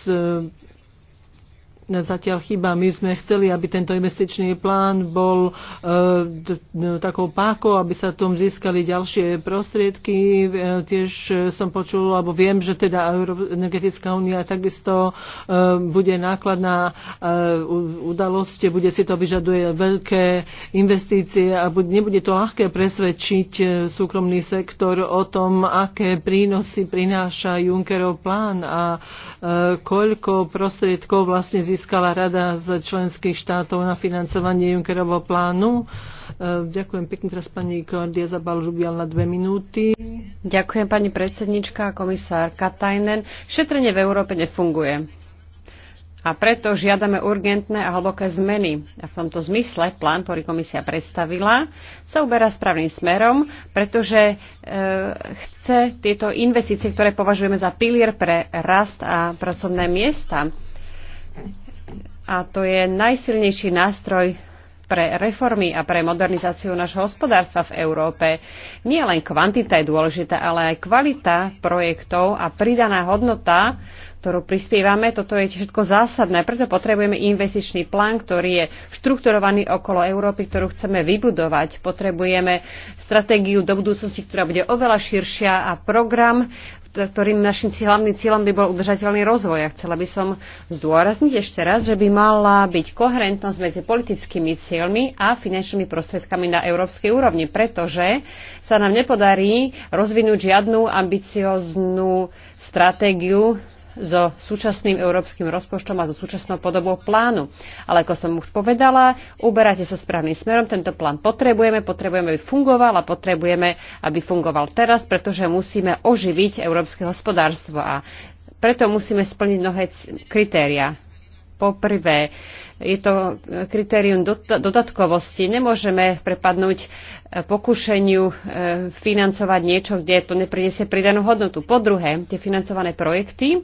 C: zatiaľ chýba. My sme chceli, aby tento investičný plán bol e, e, takou pákou, aby sa tom získali ďalšie prostriedky. E, tiež som počul, alebo viem, že teda Energetická únia takisto e, bude nákladná e, udalosť, bude si to vyžaduje veľké investície a bude, nebude to ľahké presvedčiť e, súkromný sektor o tom, aké prínosy prináša Junckerov plán a e, koľko prostriedkov vlastne získali získala rada z členských štátov na financovanie Junckerovho plánu. E, ďakujem pekne teraz pani Kordia za Rubial na dve minúty. Ďakujem pani predsednička a komisár
E: Katajnen. Šetrenie v Európe nefunguje. A preto žiadame urgentné a hlboké zmeny. A v tomto zmysle plán, ktorý komisia predstavila, sa uberá správnym smerom, pretože e, chce tieto investície, ktoré považujeme za pilier pre rast a pracovné miesta, a to je najsilnejší nástroj pre reformy a pre modernizáciu nášho hospodárstva v Európe. Nie len kvantita je dôležitá, ale aj kvalita projektov a pridaná hodnota, ktorú prispievame, toto je všetko zásadné. Preto potrebujeme investičný plán, ktorý je štrukturovaný okolo Európy, ktorú chceme vybudovať. Potrebujeme stratégiu do budúcnosti, ktorá bude oveľa širšia a program ktorým našim hlavným cieľom by bol udržateľný rozvoj. A chcela by som zdôrazniť ešte raz, že by mala byť koherentnosť medzi politickými cieľmi a finančnými prostriedkami na európskej úrovni, pretože sa nám nepodarí rozvinúť žiadnu ambicioznú stratégiu so súčasným európskym rozpočtom a so súčasnou podobou plánu. Ale ako som už povedala, uberáte sa správnym smerom, tento plán potrebujeme, potrebujeme, aby fungoval a potrebujeme, aby fungoval teraz, pretože musíme oživiť európske hospodárstvo a preto musíme splniť mnohé kritéria. Poprvé, je to kritérium dodatkovosti. Nemôžeme prepadnúť eh, pokušeniu eh, financovať niečo, kde to nepriniesie pridanú hodnotu. Po druhé, tie financované projekty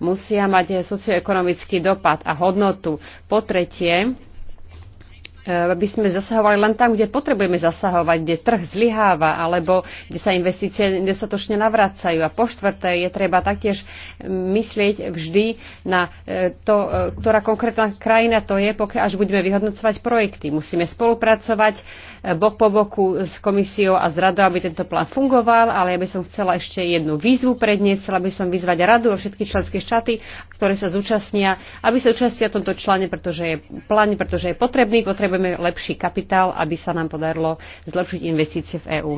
E: musia mať socioekonomický dopad a hodnotu. Po tretie, Eh, aby sme zasahovali len tam, kde potrebujeme zasahovať, kde trh zlyháva alebo kde sa investície nedostatočne navracajú. A po štvrté je treba taktiež myslieť vždy na eh, to, eh, ktorá konkrétna krajina to je, pokiaľ až budeme vyhodnocovať projekty. Musíme spolupracovať bok po boku s komisiou a s radou, aby tento plán fungoval, ale ja by som chcela ešte jednu výzvu predniesť, chcela by som vyzvať radu a všetky členské štáty, ktoré sa zúčastnia, aby sa zúčastnia v tomto člane, pretože je plán, pretože je potrebný, potrebuje potrebujeme lepší kapitál, aby sa nám podarilo zlepšiť
C: investície v EÚ.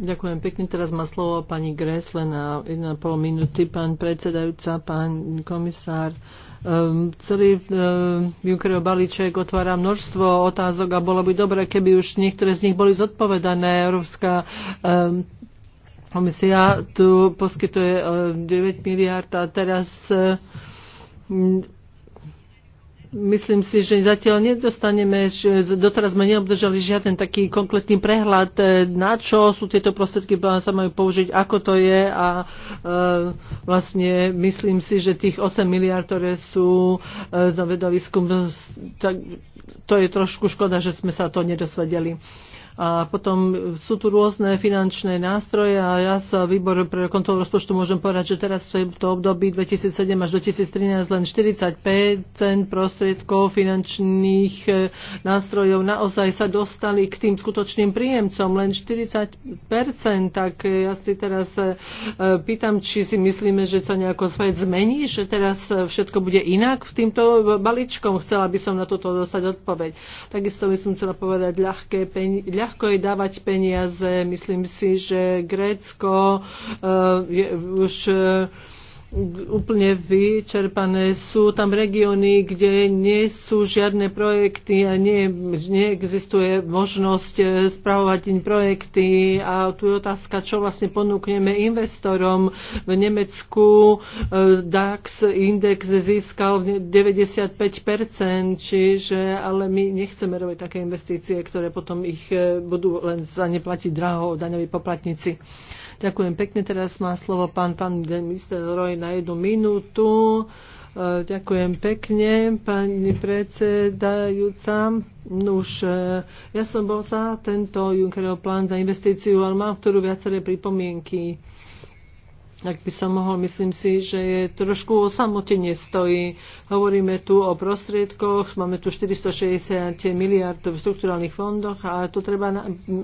C: Ďakujem pekne. Teraz má slovo pani Gresle na 1,5 minúty. Pán predsedajúca, pán komisár, um, celý um, Junckerov balíček otvára množstvo otázok a bolo by dobre, keby už niektoré z nich boli zodpovedané. Európska um, komisia tu poskytuje um, 9 miliard a teraz um, myslím si, že zatiaľ nedostaneme, že doteraz sme neobdržali žiaden taký konkrétny prehľad, e, na čo sú tieto prostriedky, sa majú použiť, ako to je a e, vlastne myslím si, že tých 8 miliard, ktoré sú e, za vedovýskum, tak, to je trošku škoda, že sme sa to nedosvedeli. A potom sú tu rôzne finančné nástroje a ja sa výbor pre kontrolu rozpočtu môžem povedať, že teraz v tomto období 2007 až 2013 len 45 prostriedkov finančných e, nástrojov naozaj sa dostali k tým skutočným príjemcom, len 40 tak ja si teraz e, e, pýtam, či si myslíme, že sa nejako svet zmení, že teraz všetko bude inak v týmto balíčkom. Chcela by som na toto dostať odpoveď. Takisto by som chcela povedať ľahké peniaze ľahko je dávať peniaze. Myslím si, že Grécko eh, je už eh, úplne vyčerpané. Sú tam regióny, kde nie sú žiadne projekty a nie, neexistuje možnosť eh, spravovať im projekty. A tu je otázka, čo vlastne ponúkneme investorom. V Nemecku eh, DAX index získal 95%, čiže ale my nechceme robiť také investície, ktoré potom ich eh, budú len za neplatiť draho daňoví poplatníci. Ďakujem pekne. Teraz má slovo pán, pán minister Roj na jednu minútu. E, ďakujem pekne, pani predsedajúca. Nuž e, ja som bol za tento Junckerov plán za investíciu, ale mám v ktorú viaceré pripomienky tak by som mohol, myslím si, že je trošku samote stojí. Hovoríme tu o prostriedkoch, máme tu 460 miliard v strukturálnych fondoch a to treba,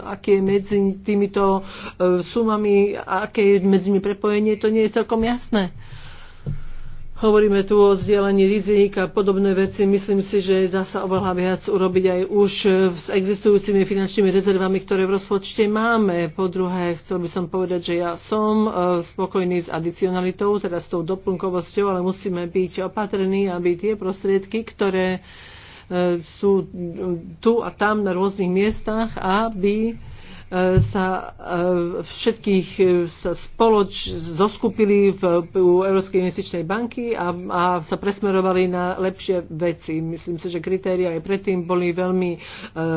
C: aké je medzi týmito e, sumami, aké je medzi nimi prepojenie, to nie je celkom jasné. Hovoríme tu o zdieľaní rizik a podobné veci. Myslím si, že dá sa oveľa viac urobiť aj už s existujúcimi finančnými rezervami, ktoré v rozpočte máme. Po druhé, chcel by som povedať, že ja som e, spokojný s adicionalitou, teda s tou doplnkovosťou, ale musíme byť opatrní, aby tie prostriedky, ktoré e, sú tu a tam na rôznych miestach, aby E, sa e, všetkých e, sa spoloč zoskupili v, u Európskej investičnej banky a, a sa presmerovali na lepšie veci. Myslím si, že kritéria aj predtým boli veľmi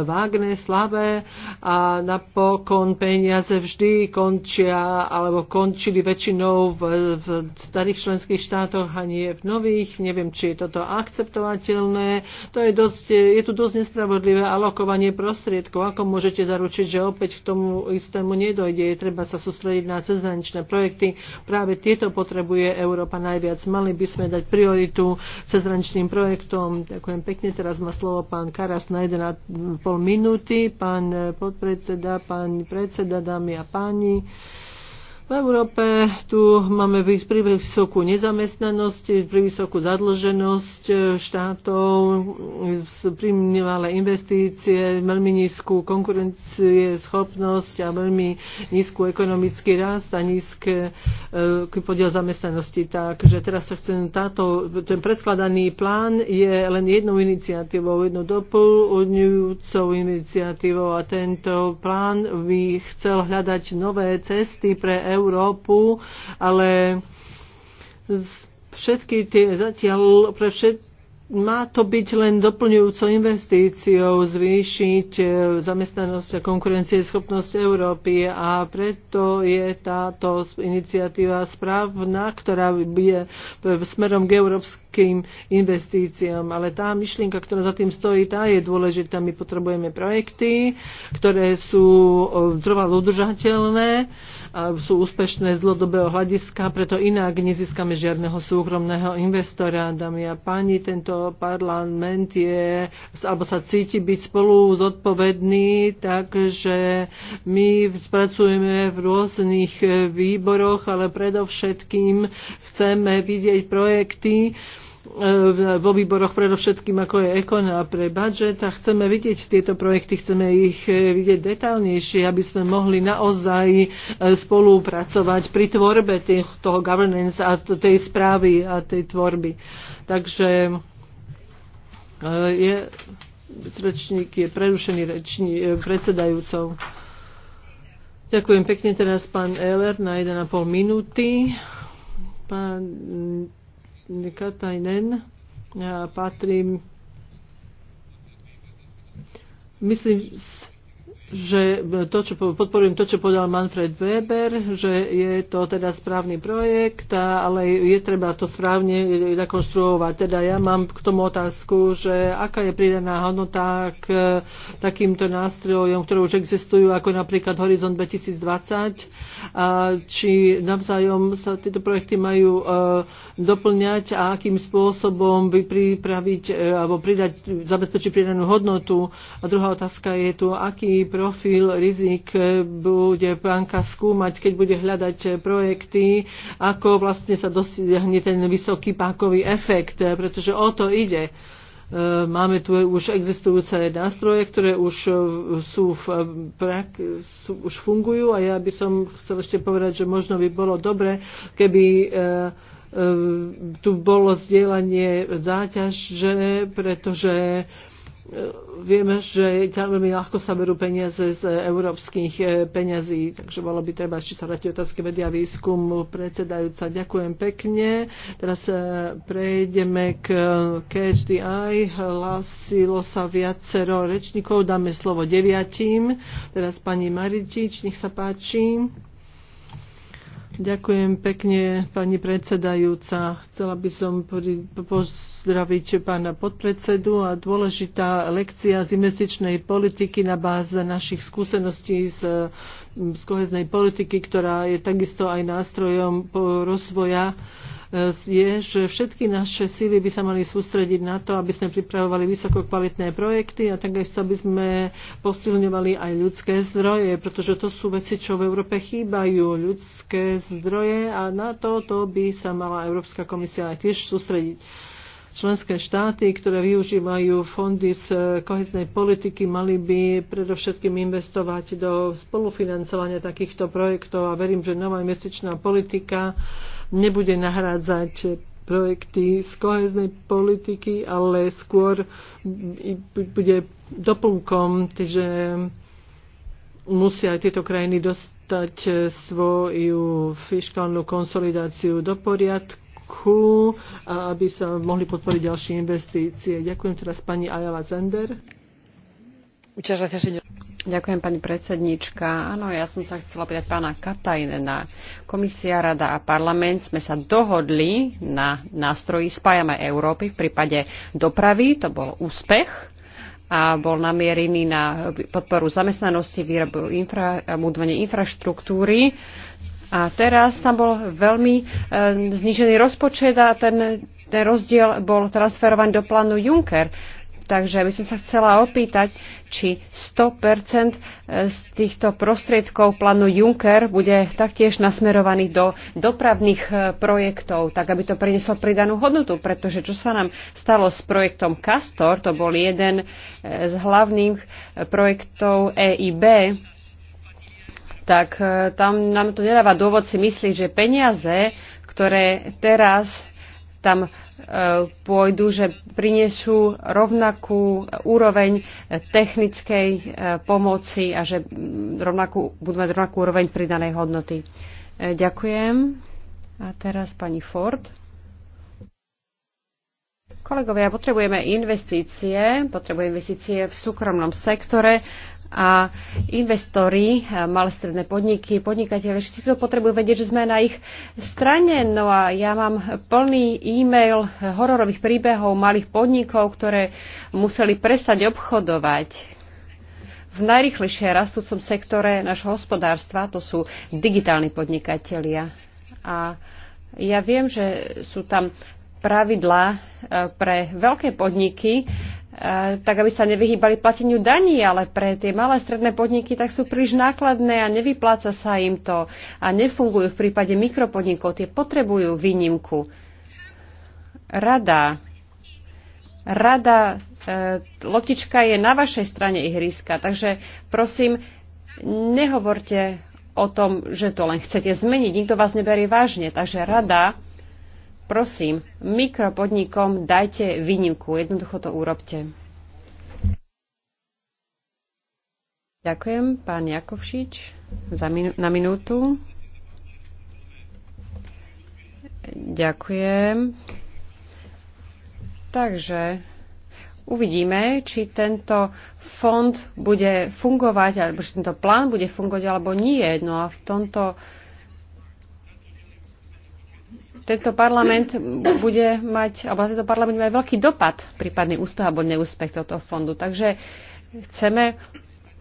C: vágne, slabé a napokon peniaze vždy končia alebo končili väčšinou v, v starých členských štátoch a nie v nových. Neviem, či je toto akceptovateľné. To je, dosť, je tu dosť nespravodlivé alokovanie prostriedkov. Ako môžete zaručiť, že opäť v tomu istému nedojde. Je treba sa sústrediť na cezhraničné projekty. Práve tieto potrebuje Európa najviac. Mali by sme dať prioritu cezhraničným projektom. Ďakujem pekne. Teraz má slovo pán Karas na 1,5 minúty. Pán podpredseda, pán predseda, dámy a páni. V Európe tu máme príliš vysokú nezamestnanosť, príliš vysokú zadlženosť e, štátov, primalé investície, veľmi nízku konkurencie, schopnosť a veľmi nízku ekonomický rast a nízky e, podiel zamestnanosti. Takže teraz sa chcem táto, ten predkladaný plán je len jednou iniciatívou, jednou doplňujúcou iniciatívou a tento plán by chcel hľadať nové cesty pre EU Európu, ale všetky tie zatiaľ pre všetky má to byť len doplňujúcou investíciou zvýšiť e, zamestnanosť a konkurencieschopnosť Európy a preto je táto iniciatíva správna, ktorá je smerom k európskej veľkým investíciám. Ale tá myšlienka, ktorá za tým stojí, tá je dôležitá. My potrebujeme projekty, ktoré sú trvalo udržateľné a sú úspešné z dlhodobého hľadiska, preto inak nezískame žiadneho súkromného investora. Dámy a páni, tento parlament je, alebo sa cíti byť spolu zodpovedný, takže my spracujeme v rôznych výboroch, ale predovšetkým chceme vidieť projekty, Eh, vo výboroch predovšetkým ako je ekon a pre budget a chceme vidieť tieto projekty, chceme ich eh, vidieť detálnejšie, aby sme mohli naozaj eh, spolupracovať pri tvorbe tých, toho governance a tej správy a tej tvorby. Takže je, rečník je prerušený rečník, predsedajúcov. Ďakujem pekne teraz pán Eller na 1,5 minúty. Pán Katajnen. Ja patrím, myslím, že to, čo, podporujem to, čo povedal Manfred Weber, že je to teda správny projekt, ale je treba to správne e, e, nakonštruovať. Teda ja mám k tomu otázku, že aká je pridaná hodnota k e, takýmto nástrojom, ktoré už existujú, ako napríklad Horizon 2020, a či navzájom sa tieto projekty majú doplňať a akým spôsobom by pripraviť alebo pridať, zabezpečiť pridanú hodnotu. A druhá otázka je tu, aký projekt profil rizik bude banka skúmať, keď bude hľadať projekty, ako vlastne sa dosiahne ten vysoký pákový efekt, pretože o to ide. E, máme tu už existujúce nástroje, ktoré už, sú v prak, sú, už fungujú a ja by som chcel ešte povedať, že možno by bolo dobre, keby e, e, tu bolo zdieľanie záťaže, pretože vieme, že veľmi ľahko sa berú peniaze z európskych eh, peňazí, takže bolo by treba ešte sa vrátiť otázke vedia výskum, predsedajúca. Ďakujem pekne. Teraz eh, prejdeme k KHDI. Eh, Hlasilo sa viacero rečníkov. Dáme slovo deviatim. Teraz pani Maritič, nech sa páči. Ďakujem pekne, pani predsedajúca. Chcela by som pozdraviť pána podpredsedu a dôležitá lekcia z investičnej politiky na báze našich skúseností z, z koheznej politiky, ktorá je takisto aj nástrojom rozvoja je, že všetky naše síly by sa mali sústrediť na to, aby sme pripravovali vysokokvalitné projekty a takisto by sme posilňovali aj ľudské zdroje, pretože to sú veci, čo v Európe chýbajú, ľudské zdroje a na to, to by sa mala Európska komisia aj tiež sústrediť členské štáty, ktoré využívajú fondy z eh, koheznej politiky, mali by predovšetkým investovať do spolufinancovania takýchto projektov a verím, že nová investičná politika nebude nahrádzať projekty z koheznej politiky, ale skôr bude doplnkom, že musia tieto krajiny dostať svoju fiskálnu konsolidáciu do poriadku, aby sa mohli podporiť ďalšie investície. Ďakujem teraz pani Ayala Zender. Ďakujem, pani
E: predsednička. Áno, ja som sa chcela pýtať pána Katajnena. Komisia, rada a parlament sme sa dohodli na nástroji Spájame Európy v prípade dopravy. To bol úspech a bol namierený na podporu zamestnanosti, výrobu infra, budovanie infraštruktúry. A teraz tam bol veľmi e, znižený rozpočet a ten, ten rozdiel bol transferovaný do plánu Juncker Takže by som sa chcela opýtať, či 100% eh, z týchto prostriedkov plánu Juncker bude taktiež nasmerovaných do dopravných eh, projektov, tak aby to prinieslo pridanú hodnotu, pretože čo sa nám stalo s projektom Castor, to bol jeden eh, z hlavných projektov EIB, tak tam nám to nedáva dôvod si myslieť, že peniaze, ktoré teraz tam e, pôjdu, že prinesú rovnakú úroveň technickej e, pomoci a že mm, rovnakú, budú mať rovnakú úroveň pridanej hodnoty. E, ďakujem. A teraz pani Ford. Kolegovia, potrebujeme investície, potrebujeme investície v súkromnom sektore a investori, e, malé stredné podniky, podnikateľe, všetci to potrebujú vedieť, že sme na ich strane. No a ja mám plný e-mail hororových príbehov malých podnikov, ktoré museli prestať obchodovať v najrychlejšie rastúcom sektore nášho hospodárstva, to sú digitálni podnikatelia. A ja viem, že sú tam pravidlá e, pre veľké podniky, tak aby sa nevyhýbali plateniu daní, ale pre tie malé stredné podniky tak sú príliš nákladné a nevypláca sa im to a nefungujú v prípade mikropodnikov. Tie potrebujú výnimku. Rada. Rada. E, lotička je na vašej strane ihriska, takže prosím, nehovorte o tom, že to len chcete zmeniť. Nikto vás neberie vážne. Takže rada Prosím, mikropodnikom dajte výnimku. Jednoducho to urobte. Ďakujem, pán Jakovšič, za minu- na minútu. Ďakujem. Takže uvidíme, či tento fond bude fungovať, alebo či tento plán bude fungovať, alebo nie. No a v tomto tento parlament bude mať, alebo tento parlament bude mať veľký dopad, prípadný úspech alebo neúspech tohto fondu. Takže chceme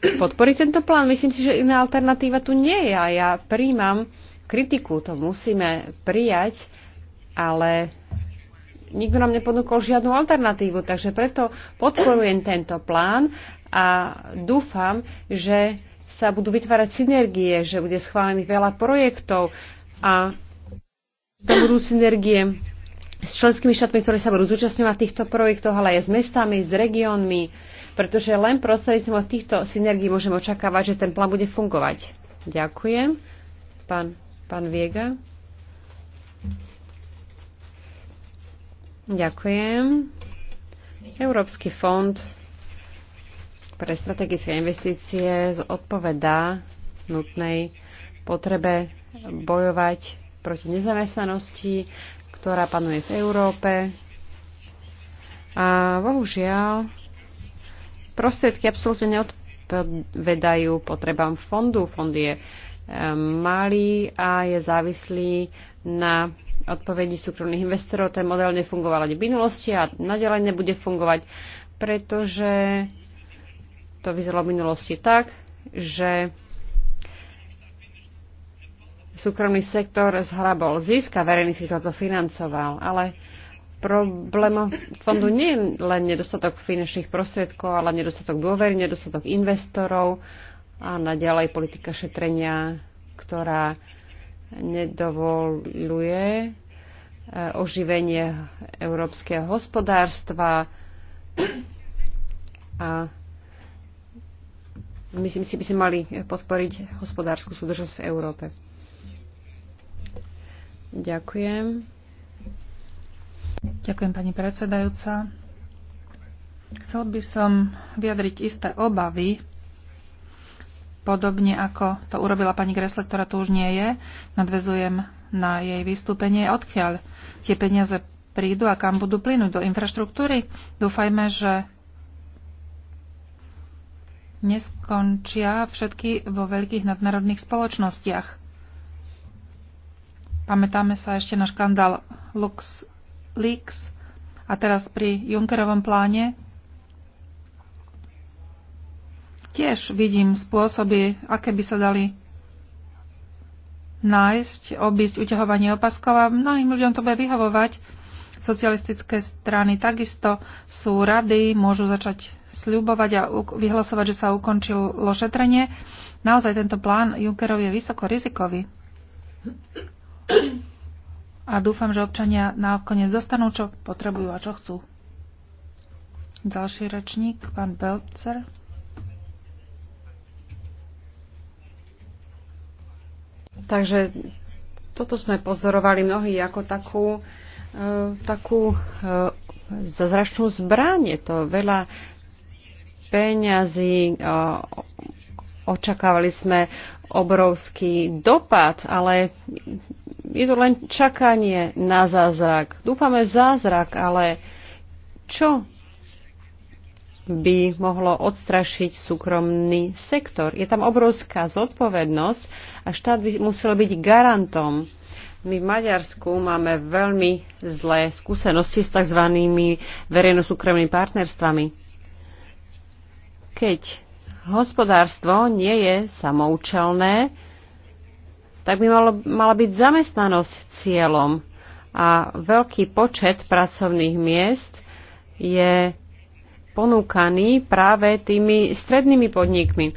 E: podporiť tento plán. Myslím si, že iná alternatíva tu nie je a ja príjmam kritiku, to musíme prijať, ale nikto nám neponúkol žiadnu alternatívu, takže preto podporujem tento plán a dúfam, že sa budú vytvárať synergie, že bude schválených veľa projektov a tam budú synergie s členskými štátmi, ktoré sa budú zúčastňovať v týchto projektoch, ale aj s mestami, s regiónmi, pretože len prostredníctvom týchto synergií môžeme očakávať, že ten plán bude fungovať. Ďakujem. Pán, pán Viega. Ďakujem. Európsky fond pre strategické investície odpovedá nutnej potrebe bojovať proti nezamestnanosti, ktorá panuje v Európe. A bohužiaľ, prostriedky absolútne neodpovedajú potrebám fondu. Fond je e, malý a je závislý na odpovedi súkromných investorov. Ten model nefungoval ani v minulosti a nadalej nebude fungovať, pretože to vyzeralo v minulosti tak, že súkromný sektor zhrabol zisk a verejný si toto financoval. Ale problémom fondu nie je len nedostatok finančných prostriedkov, ale nedostatok dôvery, nedostatok investorov a naďalej politika šetrenia, ktorá nedovoluje eh, oživenie európskeho hospodárstva a myslím si, by sme mali podporiť hospodárskú súdržnosť v Európe. Ďakujem. Ďakujem, pani predsedajúca.
D: Chcel by som vyjadriť isté obavy, podobne ako to urobila pani Gresle, ktorá tu už nie je. Nadvezujem na jej vystúpenie. Odkiaľ tie peniaze prídu a kam budú plynúť? Do infraštruktúry? Dúfajme, že neskončia všetky vo veľkých nadnárodných spoločnostiach. Pamätáme sa ešte na škandál LuxLeaks a teraz pri Junckerovom pláne tiež vidím spôsoby, aké by sa dali nájsť, obísť uťahovanie opaskov a mnohým ľuďom to bude vyhovovať. Socialistické strany takisto sú rady, môžu začať sľubovať a vyhlasovať, že sa ukončilo šetrenie. Naozaj tento plán Junckerov je vysoko rizikový a dúfam, že občania nakoniec dostanú, čo potrebujú a čo chcú.
E: Ďalší rečník, pán Belcer. Takže toto sme pozorovali mnohí ako takú, e, takú e, zazračnú zbranie. to veľa peňazí, e, očakávali sme obrovský dopad, ale je to len čakanie na zázrak. Dúfame v zázrak, ale čo by mohlo odstrašiť súkromný sektor? Je tam obrovská zodpovednosť a štát by musel byť garantom. My v Maďarsku máme veľmi zlé skúsenosti s tzv. verejno-súkromnými partnerstvami. Keď hospodárstvo nie je samoučelné, tak by malo, mala byť zamestnanosť cieľom. A veľký počet pracovných miest je ponúkaný práve tými strednými podnikmi.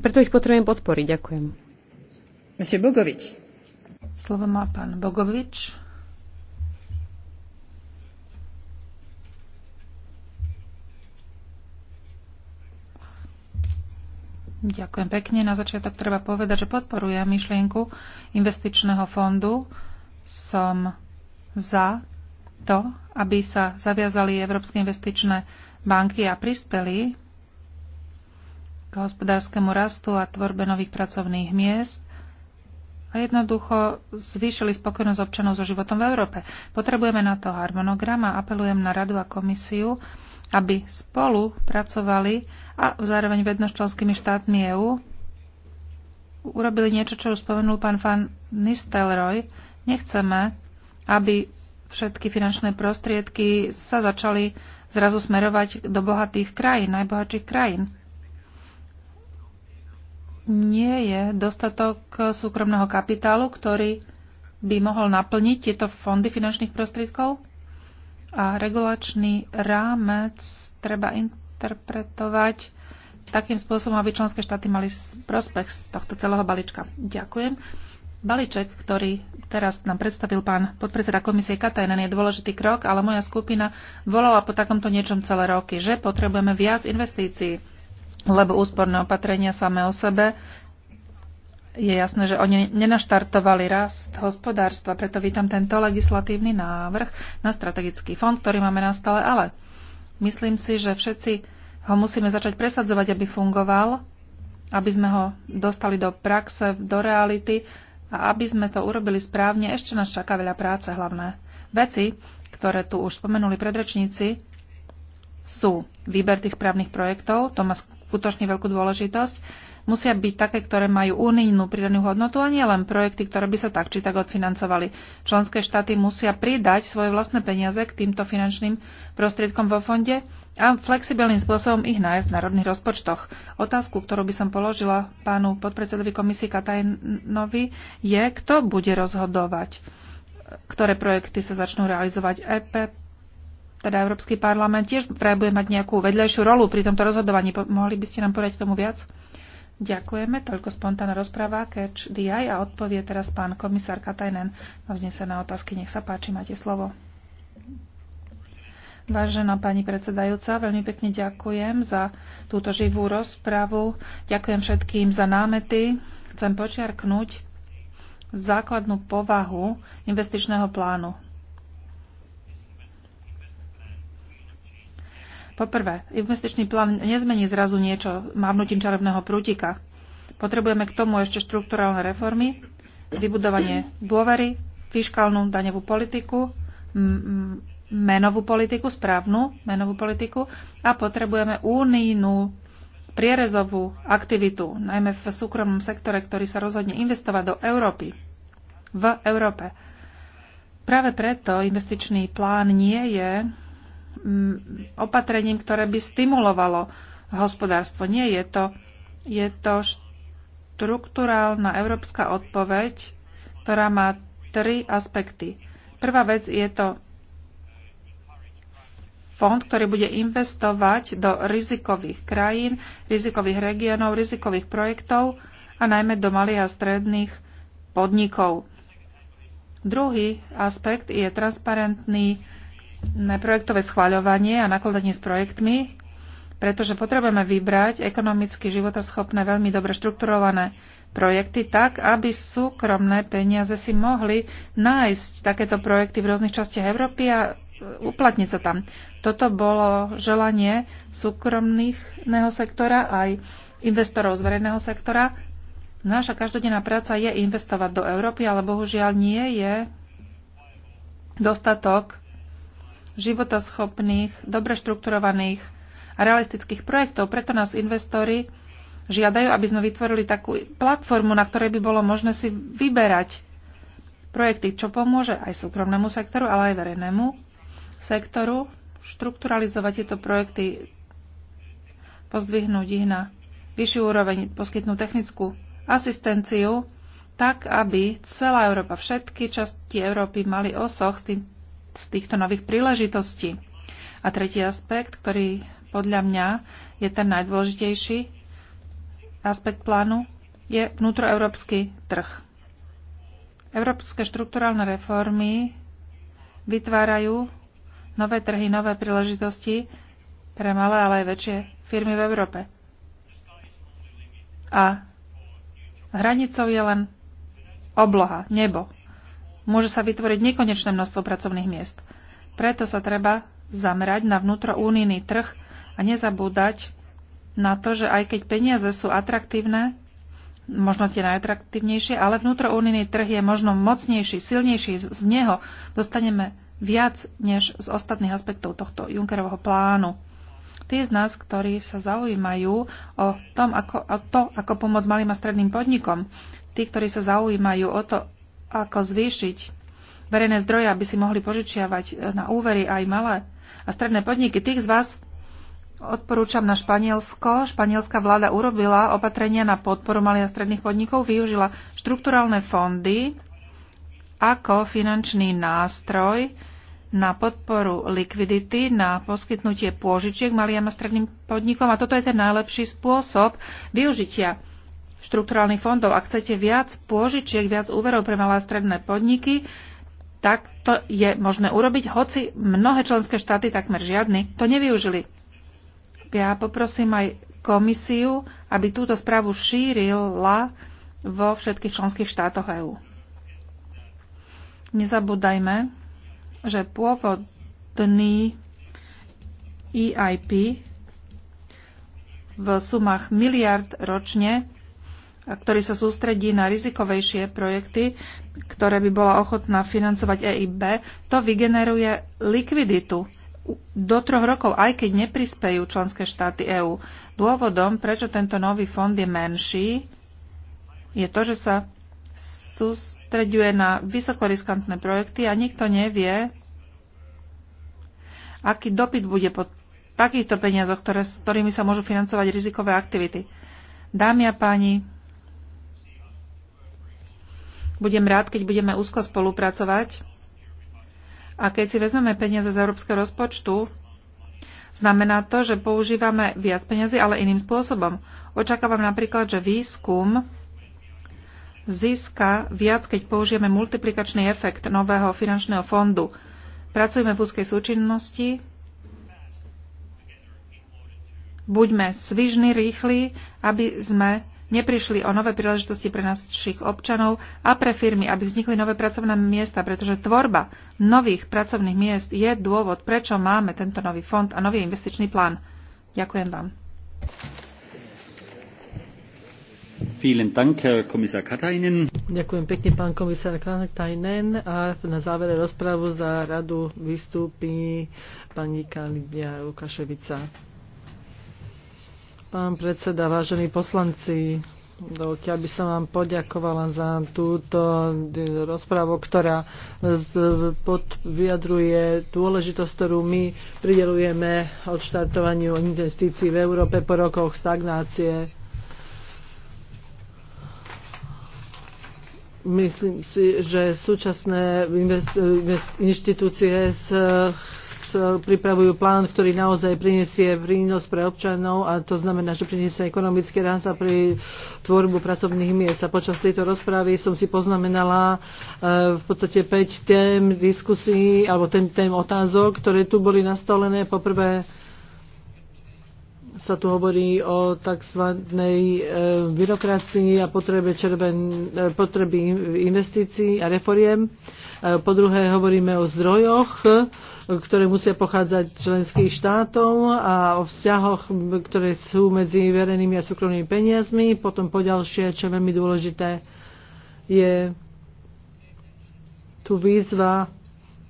E: Preto ich potrebujem podporiť. Ďakujem. Monsieur Bogovič. Slovo má pán Bogovič.
D: Ďakujem pekne. Na začiatok treba povedať, že podporujem myšlienku investičného fondu. Som za to, aby sa zaviazali európske investičné banky a prispeli k hospodárskému rastu a tvorbe nových pracovných miest a jednoducho zvýšili spokojnosť občanov so životom v Európe. Potrebujeme na to harmonogram a apelujem na Radu a komisiu, aby spolu pracovali a zároveň vedno s členskými štátmi EÚ urobili niečo, čo už spomenul pán Van Nistelrooy. Nechceme, aby všetky finančné prostriedky sa začali zrazu smerovať do bohatých krajín, najbohatších krajín. Nie je dostatok súkromného kapitálu, ktorý by mohol naplniť tieto fondy finančných prostriedkov? a regulačný rámec treba interpretovať takým spôsobom, aby členské štáty mali prospech z tohto celého balíčka. Ďakujem. Balíček, ktorý teraz nám predstavil pán podpredseda komisie Katajnen, je dôležitý krok, ale moja skupina volala po takomto niečom celé roky, že potrebujeme viac investícií, lebo úsporné opatrenia samé o sebe je jasné, že oni nenaštartovali rast hospodárstva, preto vítam tento legislatívny návrh na strategický fond, ktorý máme na stole, ale myslím si, že všetci ho musíme začať presadzovať, aby fungoval, aby sme ho dostali do praxe, do reality a aby sme to urobili správne, ešte nás čaká veľa práce hlavné. Veci, ktoré tu už spomenuli predrečníci, sú výber tých správnych projektov, to má skutočne veľkú dôležitosť, musia byť také, ktoré majú unijnú pridanú hodnotu a nie len projekty, ktoré by sa tak či tak odfinancovali. Členské štáty musia pridať svoje vlastné peniaze k týmto finančným prostriedkom vo fonde a flexibilným spôsobom ich nájsť v národných rozpočtoch. Otázku, ktorú by som položila pánu podpredsedovi Komisii Katajnovi, je, kto bude rozhodovať, ktoré projekty sa začnú realizovať EP, teda Európsky parlament tiež bude mať nejakú vedľajšiu rolu pri tomto rozhodovaní. Mohli by ste nám povedať tomu viac? Ďakujeme. Toľko spontánna rozpráva Catch DI a odpovie teraz pán komisár Katajnen na vznesené otázky. Nech sa páči, máte slovo. Vážená pani predsedajúca, veľmi pekne ďakujem za túto živú rozpravu. Ďakujem všetkým za námety. Chcem počiarknúť základnú povahu investičného plánu Poprvé, investičný plán nezmení zrazu niečo mávnutím čarovného prútika. Potrebujeme k tomu ešte štruktúralne reformy, vybudovanie dôvery, fiskálnu daňovú politiku, menovú politiku, správnu menovú politiku a potrebujeme únijnú prierezovú aktivitu, najmä v súkromnom sektore, ktorý sa rozhodne investovať do Európy. V Európe. Práve preto investičný plán nie je Mm, opatrením, ktoré by stimulovalo hospodárstvo. Nie, je to, je to štruktúrálna európska odpoveď, ktorá má tri aspekty. Prvá vec je to fond, ktorý bude investovať do rizikových krajín, rizikových regiónov, rizikových projektov a najmä do malých a stredných podnikov. Druhý aspekt je transparentný na projektové schváľovanie a nakladanie s projektmi, pretože potrebujeme vybrať ekonomicky životaschopné, veľmi dobre štrukturované projekty tak, aby súkromné peniaze si mohli nájsť takéto projekty v rôznych častiach Európy a e, uplatniť sa tam. Toto bolo želanie súkromného sektora aj investorov z verejného sektora. Naša každodenná práca je investovať do Európy, ale bohužiaľ nie je dostatok životoschopných, dobre štrukturovaných a realistických projektov. Preto nás investori žiadajú, aby sme vytvorili takú platformu, na ktorej by bolo možné si vyberať projekty, čo pomôže aj súkromnému sektoru, ale aj verejnému sektoru štrukturalizovať tieto projekty, pozdvihnúť ich na vyššiu úroveň, poskytnúť technickú asistenciu, tak aby celá Európa, všetky časti Európy mali osoch s tým z týchto nových príležitostí. A tretí aspekt, ktorý podľa mňa je ten najdôležitejší aspekt plánu, je vnútroeurópsky trh. Európske štrukturálne reformy vytvárajú nové trhy, nové príležitosti pre malé, ale aj väčšie firmy v Európe. A hranicou je len obloha, nebo, môže sa vytvoriť nekonečné množstvo pracovných miest. Preto sa treba zamerať na vnútroúnijný trh a nezabúdať na to, že aj keď peniaze sú atraktívne, možno tie najatraktívnejšie, ale vnútroúnijný trh je možno mocnejší, silnejší. Z neho dostaneme viac než z ostatných aspektov tohto Junckerovho plánu. Tí z nás, ktorí sa zaujímajú o, tom, ako, o to, ako pomôcť malým a stredným podnikom, tí, ktorí sa zaujímajú o to, ako zvýšiť verejné zdroje, aby si mohli požičiavať e, na úvery aj malé a stredné podniky. Tých z vás odporúčam na Španielsko. Španielská vláda urobila opatrenia na podporu malých a stredných podnikov, využila štrukturálne fondy ako finančný nástroj na podporu likvidity, na poskytnutie pôžičiek malým a stredným podnikom. A toto je ten najlepší spôsob využitia štrukturálnych fondov. Ak chcete viac pôžičiek, viac úverov pre malé a stredné podniky, tak to je možné urobiť, hoci mnohé členské štáty, takmer žiadny, to nevyužili. Ja poprosím aj komisiu, aby túto správu šírila vo všetkých členských štátoch EÚ. Nezabúdajme, že pôvodný EIP v sumách miliard ročne ktorý sa sústredí na rizikovejšie projekty, ktoré by bola ochotná financovať EIB, to vygeneruje likviditu do troch rokov, aj keď neprispejú členské štáty EÚ. Dôvodom, prečo tento nový fond je menší, je to, že sa sústreďuje na vysokoriskantné projekty a nikto nevie, aký dopyt bude po takýchto peniazoch, ktoré, s ktorými sa môžu financovať rizikové aktivity. Dámy a páni, budem rád, keď budeme úzko spolupracovať a keď si vezmeme peniaze z európskeho rozpočtu, znamená to, že používame viac peniazy, ale iným spôsobom. Očakávam napríklad, že výskum získa viac, keď použijeme multiplikačný efekt nového finančného fondu. Pracujeme v úzkej súčinnosti, buďme svižní, rýchli, aby sme neprišli o nové príležitosti pre našich občanov a pre firmy, aby vznikli nové pracovné miesta, pretože tvorba nových pracovných miest je dôvod, prečo máme tento nový fond a nový
C: investičný plán. Ďakujem vám. Ďakujem pekne, pán komisár Katajnen. A na závere rozpravu za radu vystúpi pani Kalidia Lukaševica. Pán predseda, vážení poslanci, Dovolte, aby som vám poďakovala za túto rozprávu, ktorá vyjadruje dôležitosť, ktorú my pridelujeme štartovaniu investícií v Európe po rokoch stagnácie. Myslím si, že súčasné inštitúcie z E, pripravujú plán, ktorý naozaj prinesie prínos pre občanov a to znamená, že prinesie ekonomické rast a pri tvorbu pracovných miest. A počas tejto rozpravy som si poznamenala e, v podstate 5 tém diskusí alebo tém, tém otázok, ktoré tu boli nastolené. Poprvé sa tu hovorí o tzv. E, byrokracii a potrebe, červen, potreby investícií a reforiem. E, po druhé hovoríme o zdrojoch, e, ktoré musia pochádzať z členských štátov a o vzťahoch, ktoré sú medzi verejnými a súkromnými peniazmi. Potom poďalšie, čo je veľmi dôležité, je tu výzva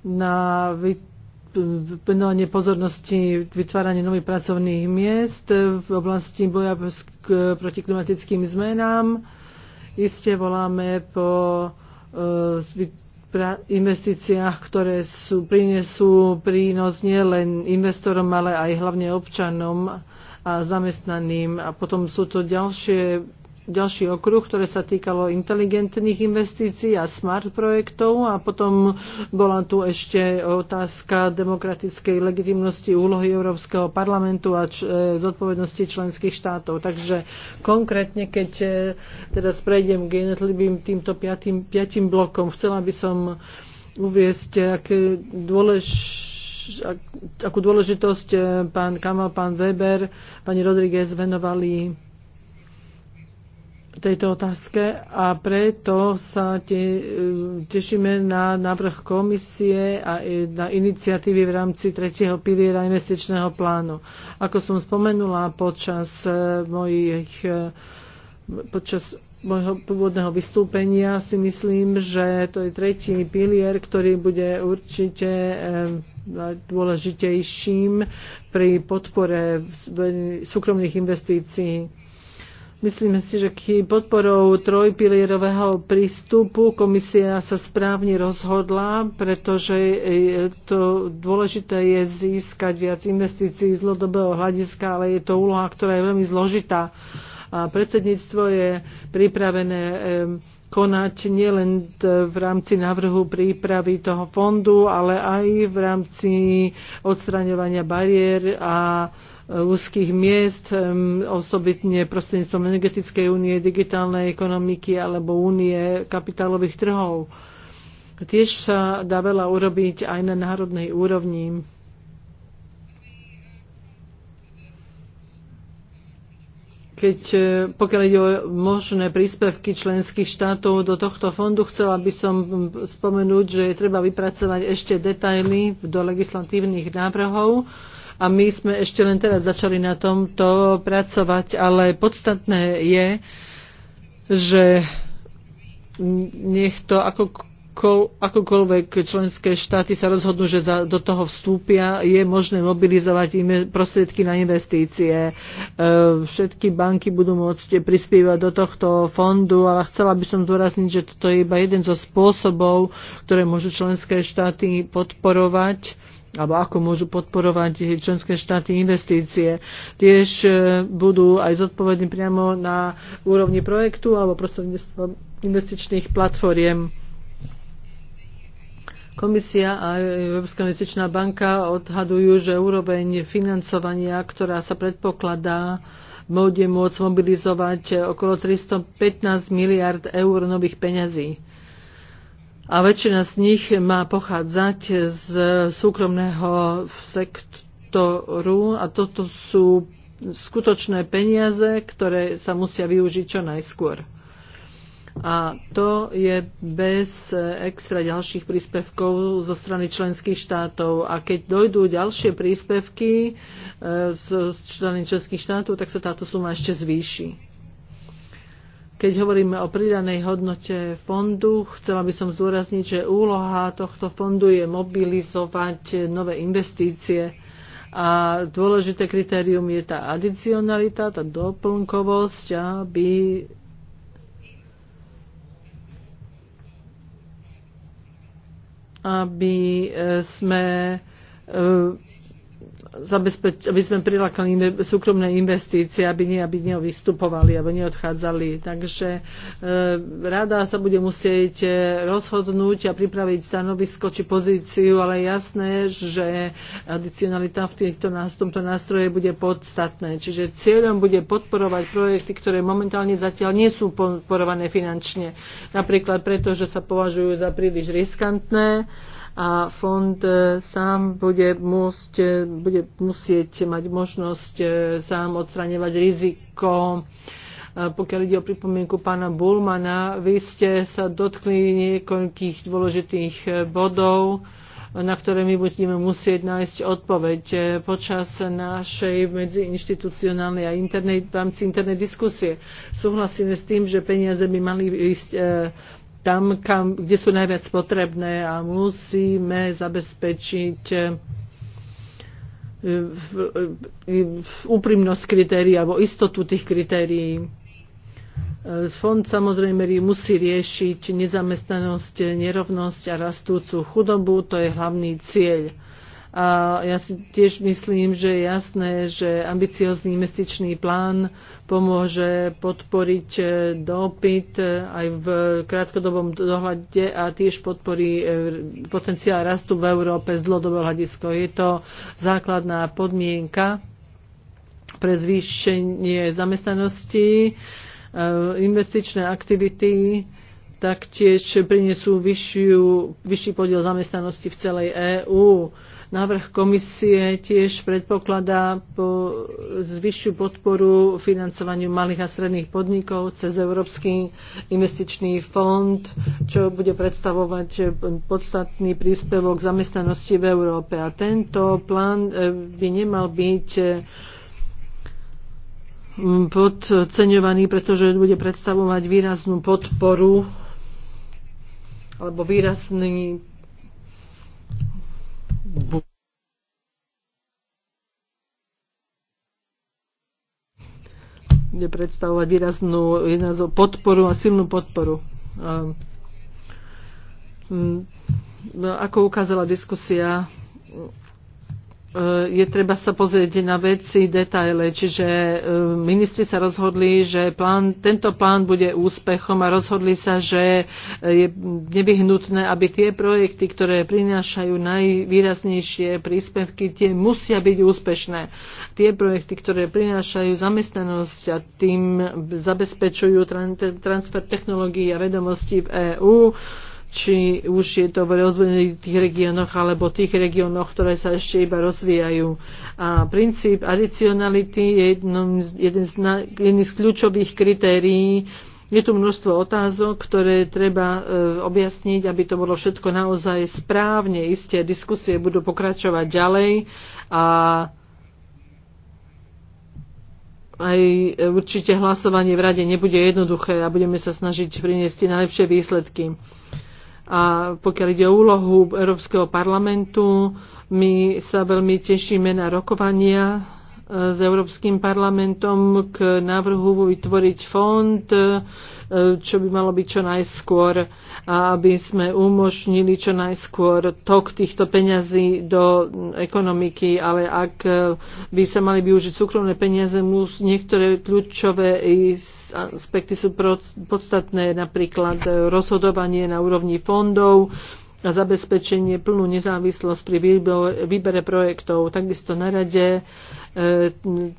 C: na venovanie pozornosti vytváranie nových pracovných miest v oblasti boja proti klimatickým zmenám. Isté voláme po e, investíciách, ktoré sú, prinesú prínos nielen investorom, ale aj hlavne občanom a zamestnaným. A potom sú to ďalšie ďalší okruh, ktoré sa týkalo inteligentných investícií a smart projektov a potom bola tu ešte otázka demokratickej legitimnosti úlohy Európskeho parlamentu a e, zodpovednosti členských štátov. Takže konkrétne, keď e, teraz prejdem k jednotlivým týmto piatým, piatým blokom, chcela by som uviesť, aké dôlež akú dôležitosť e, pán Kamal, pán Weber, pani Rodriguez venovali tejto otázke a preto sa te, e, tešíme na návrh komisie a e, na iniciatívy v rámci tretieho piliera investičného plánu. Ako som spomenula počas e, mojich počas môjho pôvodného vystúpenia si myslím, že to je tretí pilier, ktorý bude určite dôležitejším pri podpore súkromných investícií Myslíme si, že podporou trojpilierového prístupu komisia sa správne rozhodla, pretože to dôležité je získať viac investícií z dlhodobého hľadiska, ale je to úloha, ktorá je veľmi zložitá. A predsedníctvo je pripravené konať nielen v rámci návrhu prípravy toho fondu, ale aj v rámci odstraňovania bariér a úzkých miest, osobitne prostredníctvom energetickej únie, digitálnej ekonomiky alebo únie kapitálových trhov. Tiež sa dá veľa urobiť aj na národnej úrovni. keď, e, pokiaľ ide o možné príspevky členských štátov do tohto fondu, chcela by som spomenúť, že je treba vypracovať ešte detaily do legislatívnych návrhov a my sme ešte len teraz začali na tomto pracovať, ale podstatné je, že nech to ako akokoľvek členské štáty sa rozhodnú, že za, do toho vstúpia, je možné mobilizovať im prostriedky na investície. E, všetky banky budú môcť prispievať do tohto fondu, ale chcela by som zdôrazniť, že toto je iba jeden zo spôsobov, ktoré môžu členské štáty podporovať alebo ako môžu podporovať členské štáty investície. Tiež e, budú aj zodpovední priamo na úrovni projektu alebo prostredníctvom investičných platformiem. Komisia a Európska investičná banka odhadujú, že úroveň financovania, ktorá sa predpokladá, bude môcť mobilizovať okolo 315 miliard eur nových peňazí a väčšina z nich má pochádzať z súkromného sektoru a toto sú skutočné peniaze, ktoré sa musia využiť čo najskôr. A to je bez extra ďalších príspevkov zo strany členských štátov. A keď dojdú ďalšie príspevky eh, zo strany členských štátov, tak sa táto suma ešte zvýši. Keď hovoríme o pridanej hodnote fondu, chcela by som zdôrazniť, že úloha tohto fondu je mobilizovať nové investície. A dôležité kritérium je tá adicionalita, tá doplnkovosť, aby aby e, sme e, zabezpeč- aby sme prilákali in- súkromné investície, aby nie, aby neovystupovali, aby neodchádzali. Takže e, rada sa bude musieť e, rozhodnúť a pripraviť stanovisko či pozíciu, ale jasné, že adicionalita v, týchto, v tomto nástroje bude podstatné. Čiže cieľom bude podporovať projekty, ktoré momentálne zatiaľ nie sú podporované finančne. Napríklad preto, že sa považujú za príliš riskantné a fond e, sám bude, môcť, e, bude musieť mať možnosť e, sám odstraňovať riziko pokiaľ ide o pripomienku pána Bulmana, vy ste sa dotkli niekoľkých dôležitých bodov, na ktoré my budeme musieť nájsť odpoveď počas našej medziinstitucionálnej a internej, v rámci internej diskusie. Súhlasíme s tým, že peniaze by mali ísť tam, kam, kde sú najviac potrebné a musíme zabezpečiť eh, eh, úprimnosť kritérií alebo istotu tých kritérií. Eh, fond samozrejme musí riešiť nezamestnanosť, nerovnosť a rastúcu chudobu, to je hlavný cieľ. A ja si tiež myslím, že je jasné, že ambiciózny investičný plán pomôže podporiť e, dopyt e, aj v krátkodobom dohľade a tiež podporí e, potenciál rastu v Európe z dlhodobého hľadiska. Je to základná podmienka pre zvýšenie zamestnanosti, investičné aktivity, taktiež prinesú vyššiu, vyšší podiel zamestnanosti v celej EÚ. Návrh komisie tiež predpokladá po zvyššiu podporu financovaniu malých a stredných podnikov cez Európsky investičný fond, čo bude predstavovať podstatný príspevok zamestnanosti v Európe. A tento plán e, by nemal byť e, podceňovaný, pretože bude predstavovať výraznú podporu alebo výrazný bude predstavovať výraznú, podporu a silnú podporu. A, mm, no, ako ukázala diskusia, E, je treba sa pozrieť na veci, detaile. Čiže e, ministri sa rozhodli, že plán, tento plán bude úspechom a rozhodli sa, že e, je nevyhnutné, aby tie projekty, ktoré prinášajú najvýraznejšie príspevky, tie musia byť úspešné. Tie projekty, ktoré prinášajú zamestnanosť a tým zabezpečujú transfer technológií a vedomostí v EÚ, či už je to v rozvinutých regiónoch alebo tých regiónoch, ktoré sa ešte iba rozvíjajú. A princíp adicionality je jeden z, na, jedným z kľúčových kritérií. Je tu množstvo otázok, ktoré treba e, objasniť, aby to bolo všetko naozaj správne. Isté diskusie budú pokračovať ďalej a aj určite hlasovanie v rade nebude jednoduché a budeme sa snažiť priniesť najlepšie výsledky. A pokiaľ ide o úlohu Európskeho parlamentu, my sa veľmi tešíme na rokovania e, s Európskym parlamentom k návrhu vytvoriť fond čo by malo byť čo najskôr aby sme umožnili čo najskôr tok týchto peňazí do ekonomiky, ale ak eh, by sa mali využiť súkromné peniaze, mus, niektoré kľúčové aspekty sú podstatné, napríklad eh, rozhodovanie na úrovni fondov, na zabezpečenie plnú nezávislosť pri výbere projektov. Takisto na rade e,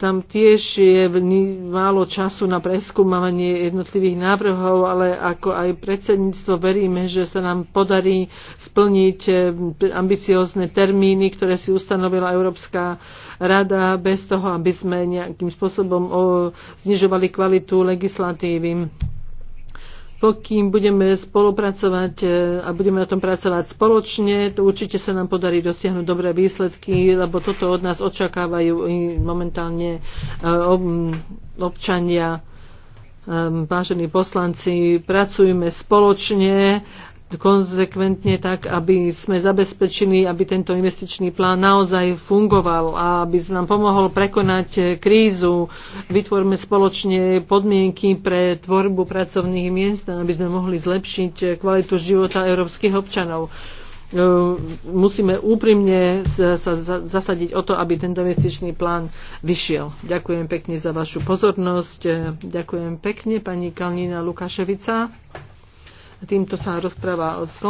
C: tam tiež je málo času na preskúmavanie jednotlivých návrhov, ale ako aj predsedníctvo veríme, že sa nám podarí splniť e, ambiciozne termíny, ktoré si ustanovila Európska rada bez toho, aby sme nejakým spôsobom o, znižovali kvalitu legislatívy pokým budeme spolupracovať e, a budeme na tom pracovať spoločne, to určite sa nám podarí dosiahnuť dobré výsledky, lebo toto od nás očakávajú momentálne e, občania ehm, vážení poslanci, pracujme spoločne konzekventne tak, aby sme zabezpečili, aby tento investičný plán naozaj fungoval a aby nám pomohol prekonať krízu. Vytvorme spoločne podmienky pre tvorbu pracovných miest, aby sme mohli zlepšiť kvalitu života európskych občanov. E, musíme úprimne sa zasadiť o to, aby tento investičný plán vyšiel. Ďakujem pekne za vašu pozornosť. Ďakujem pekne pani Kalnina Lukaševica. Týmto sa rozpráva skončí.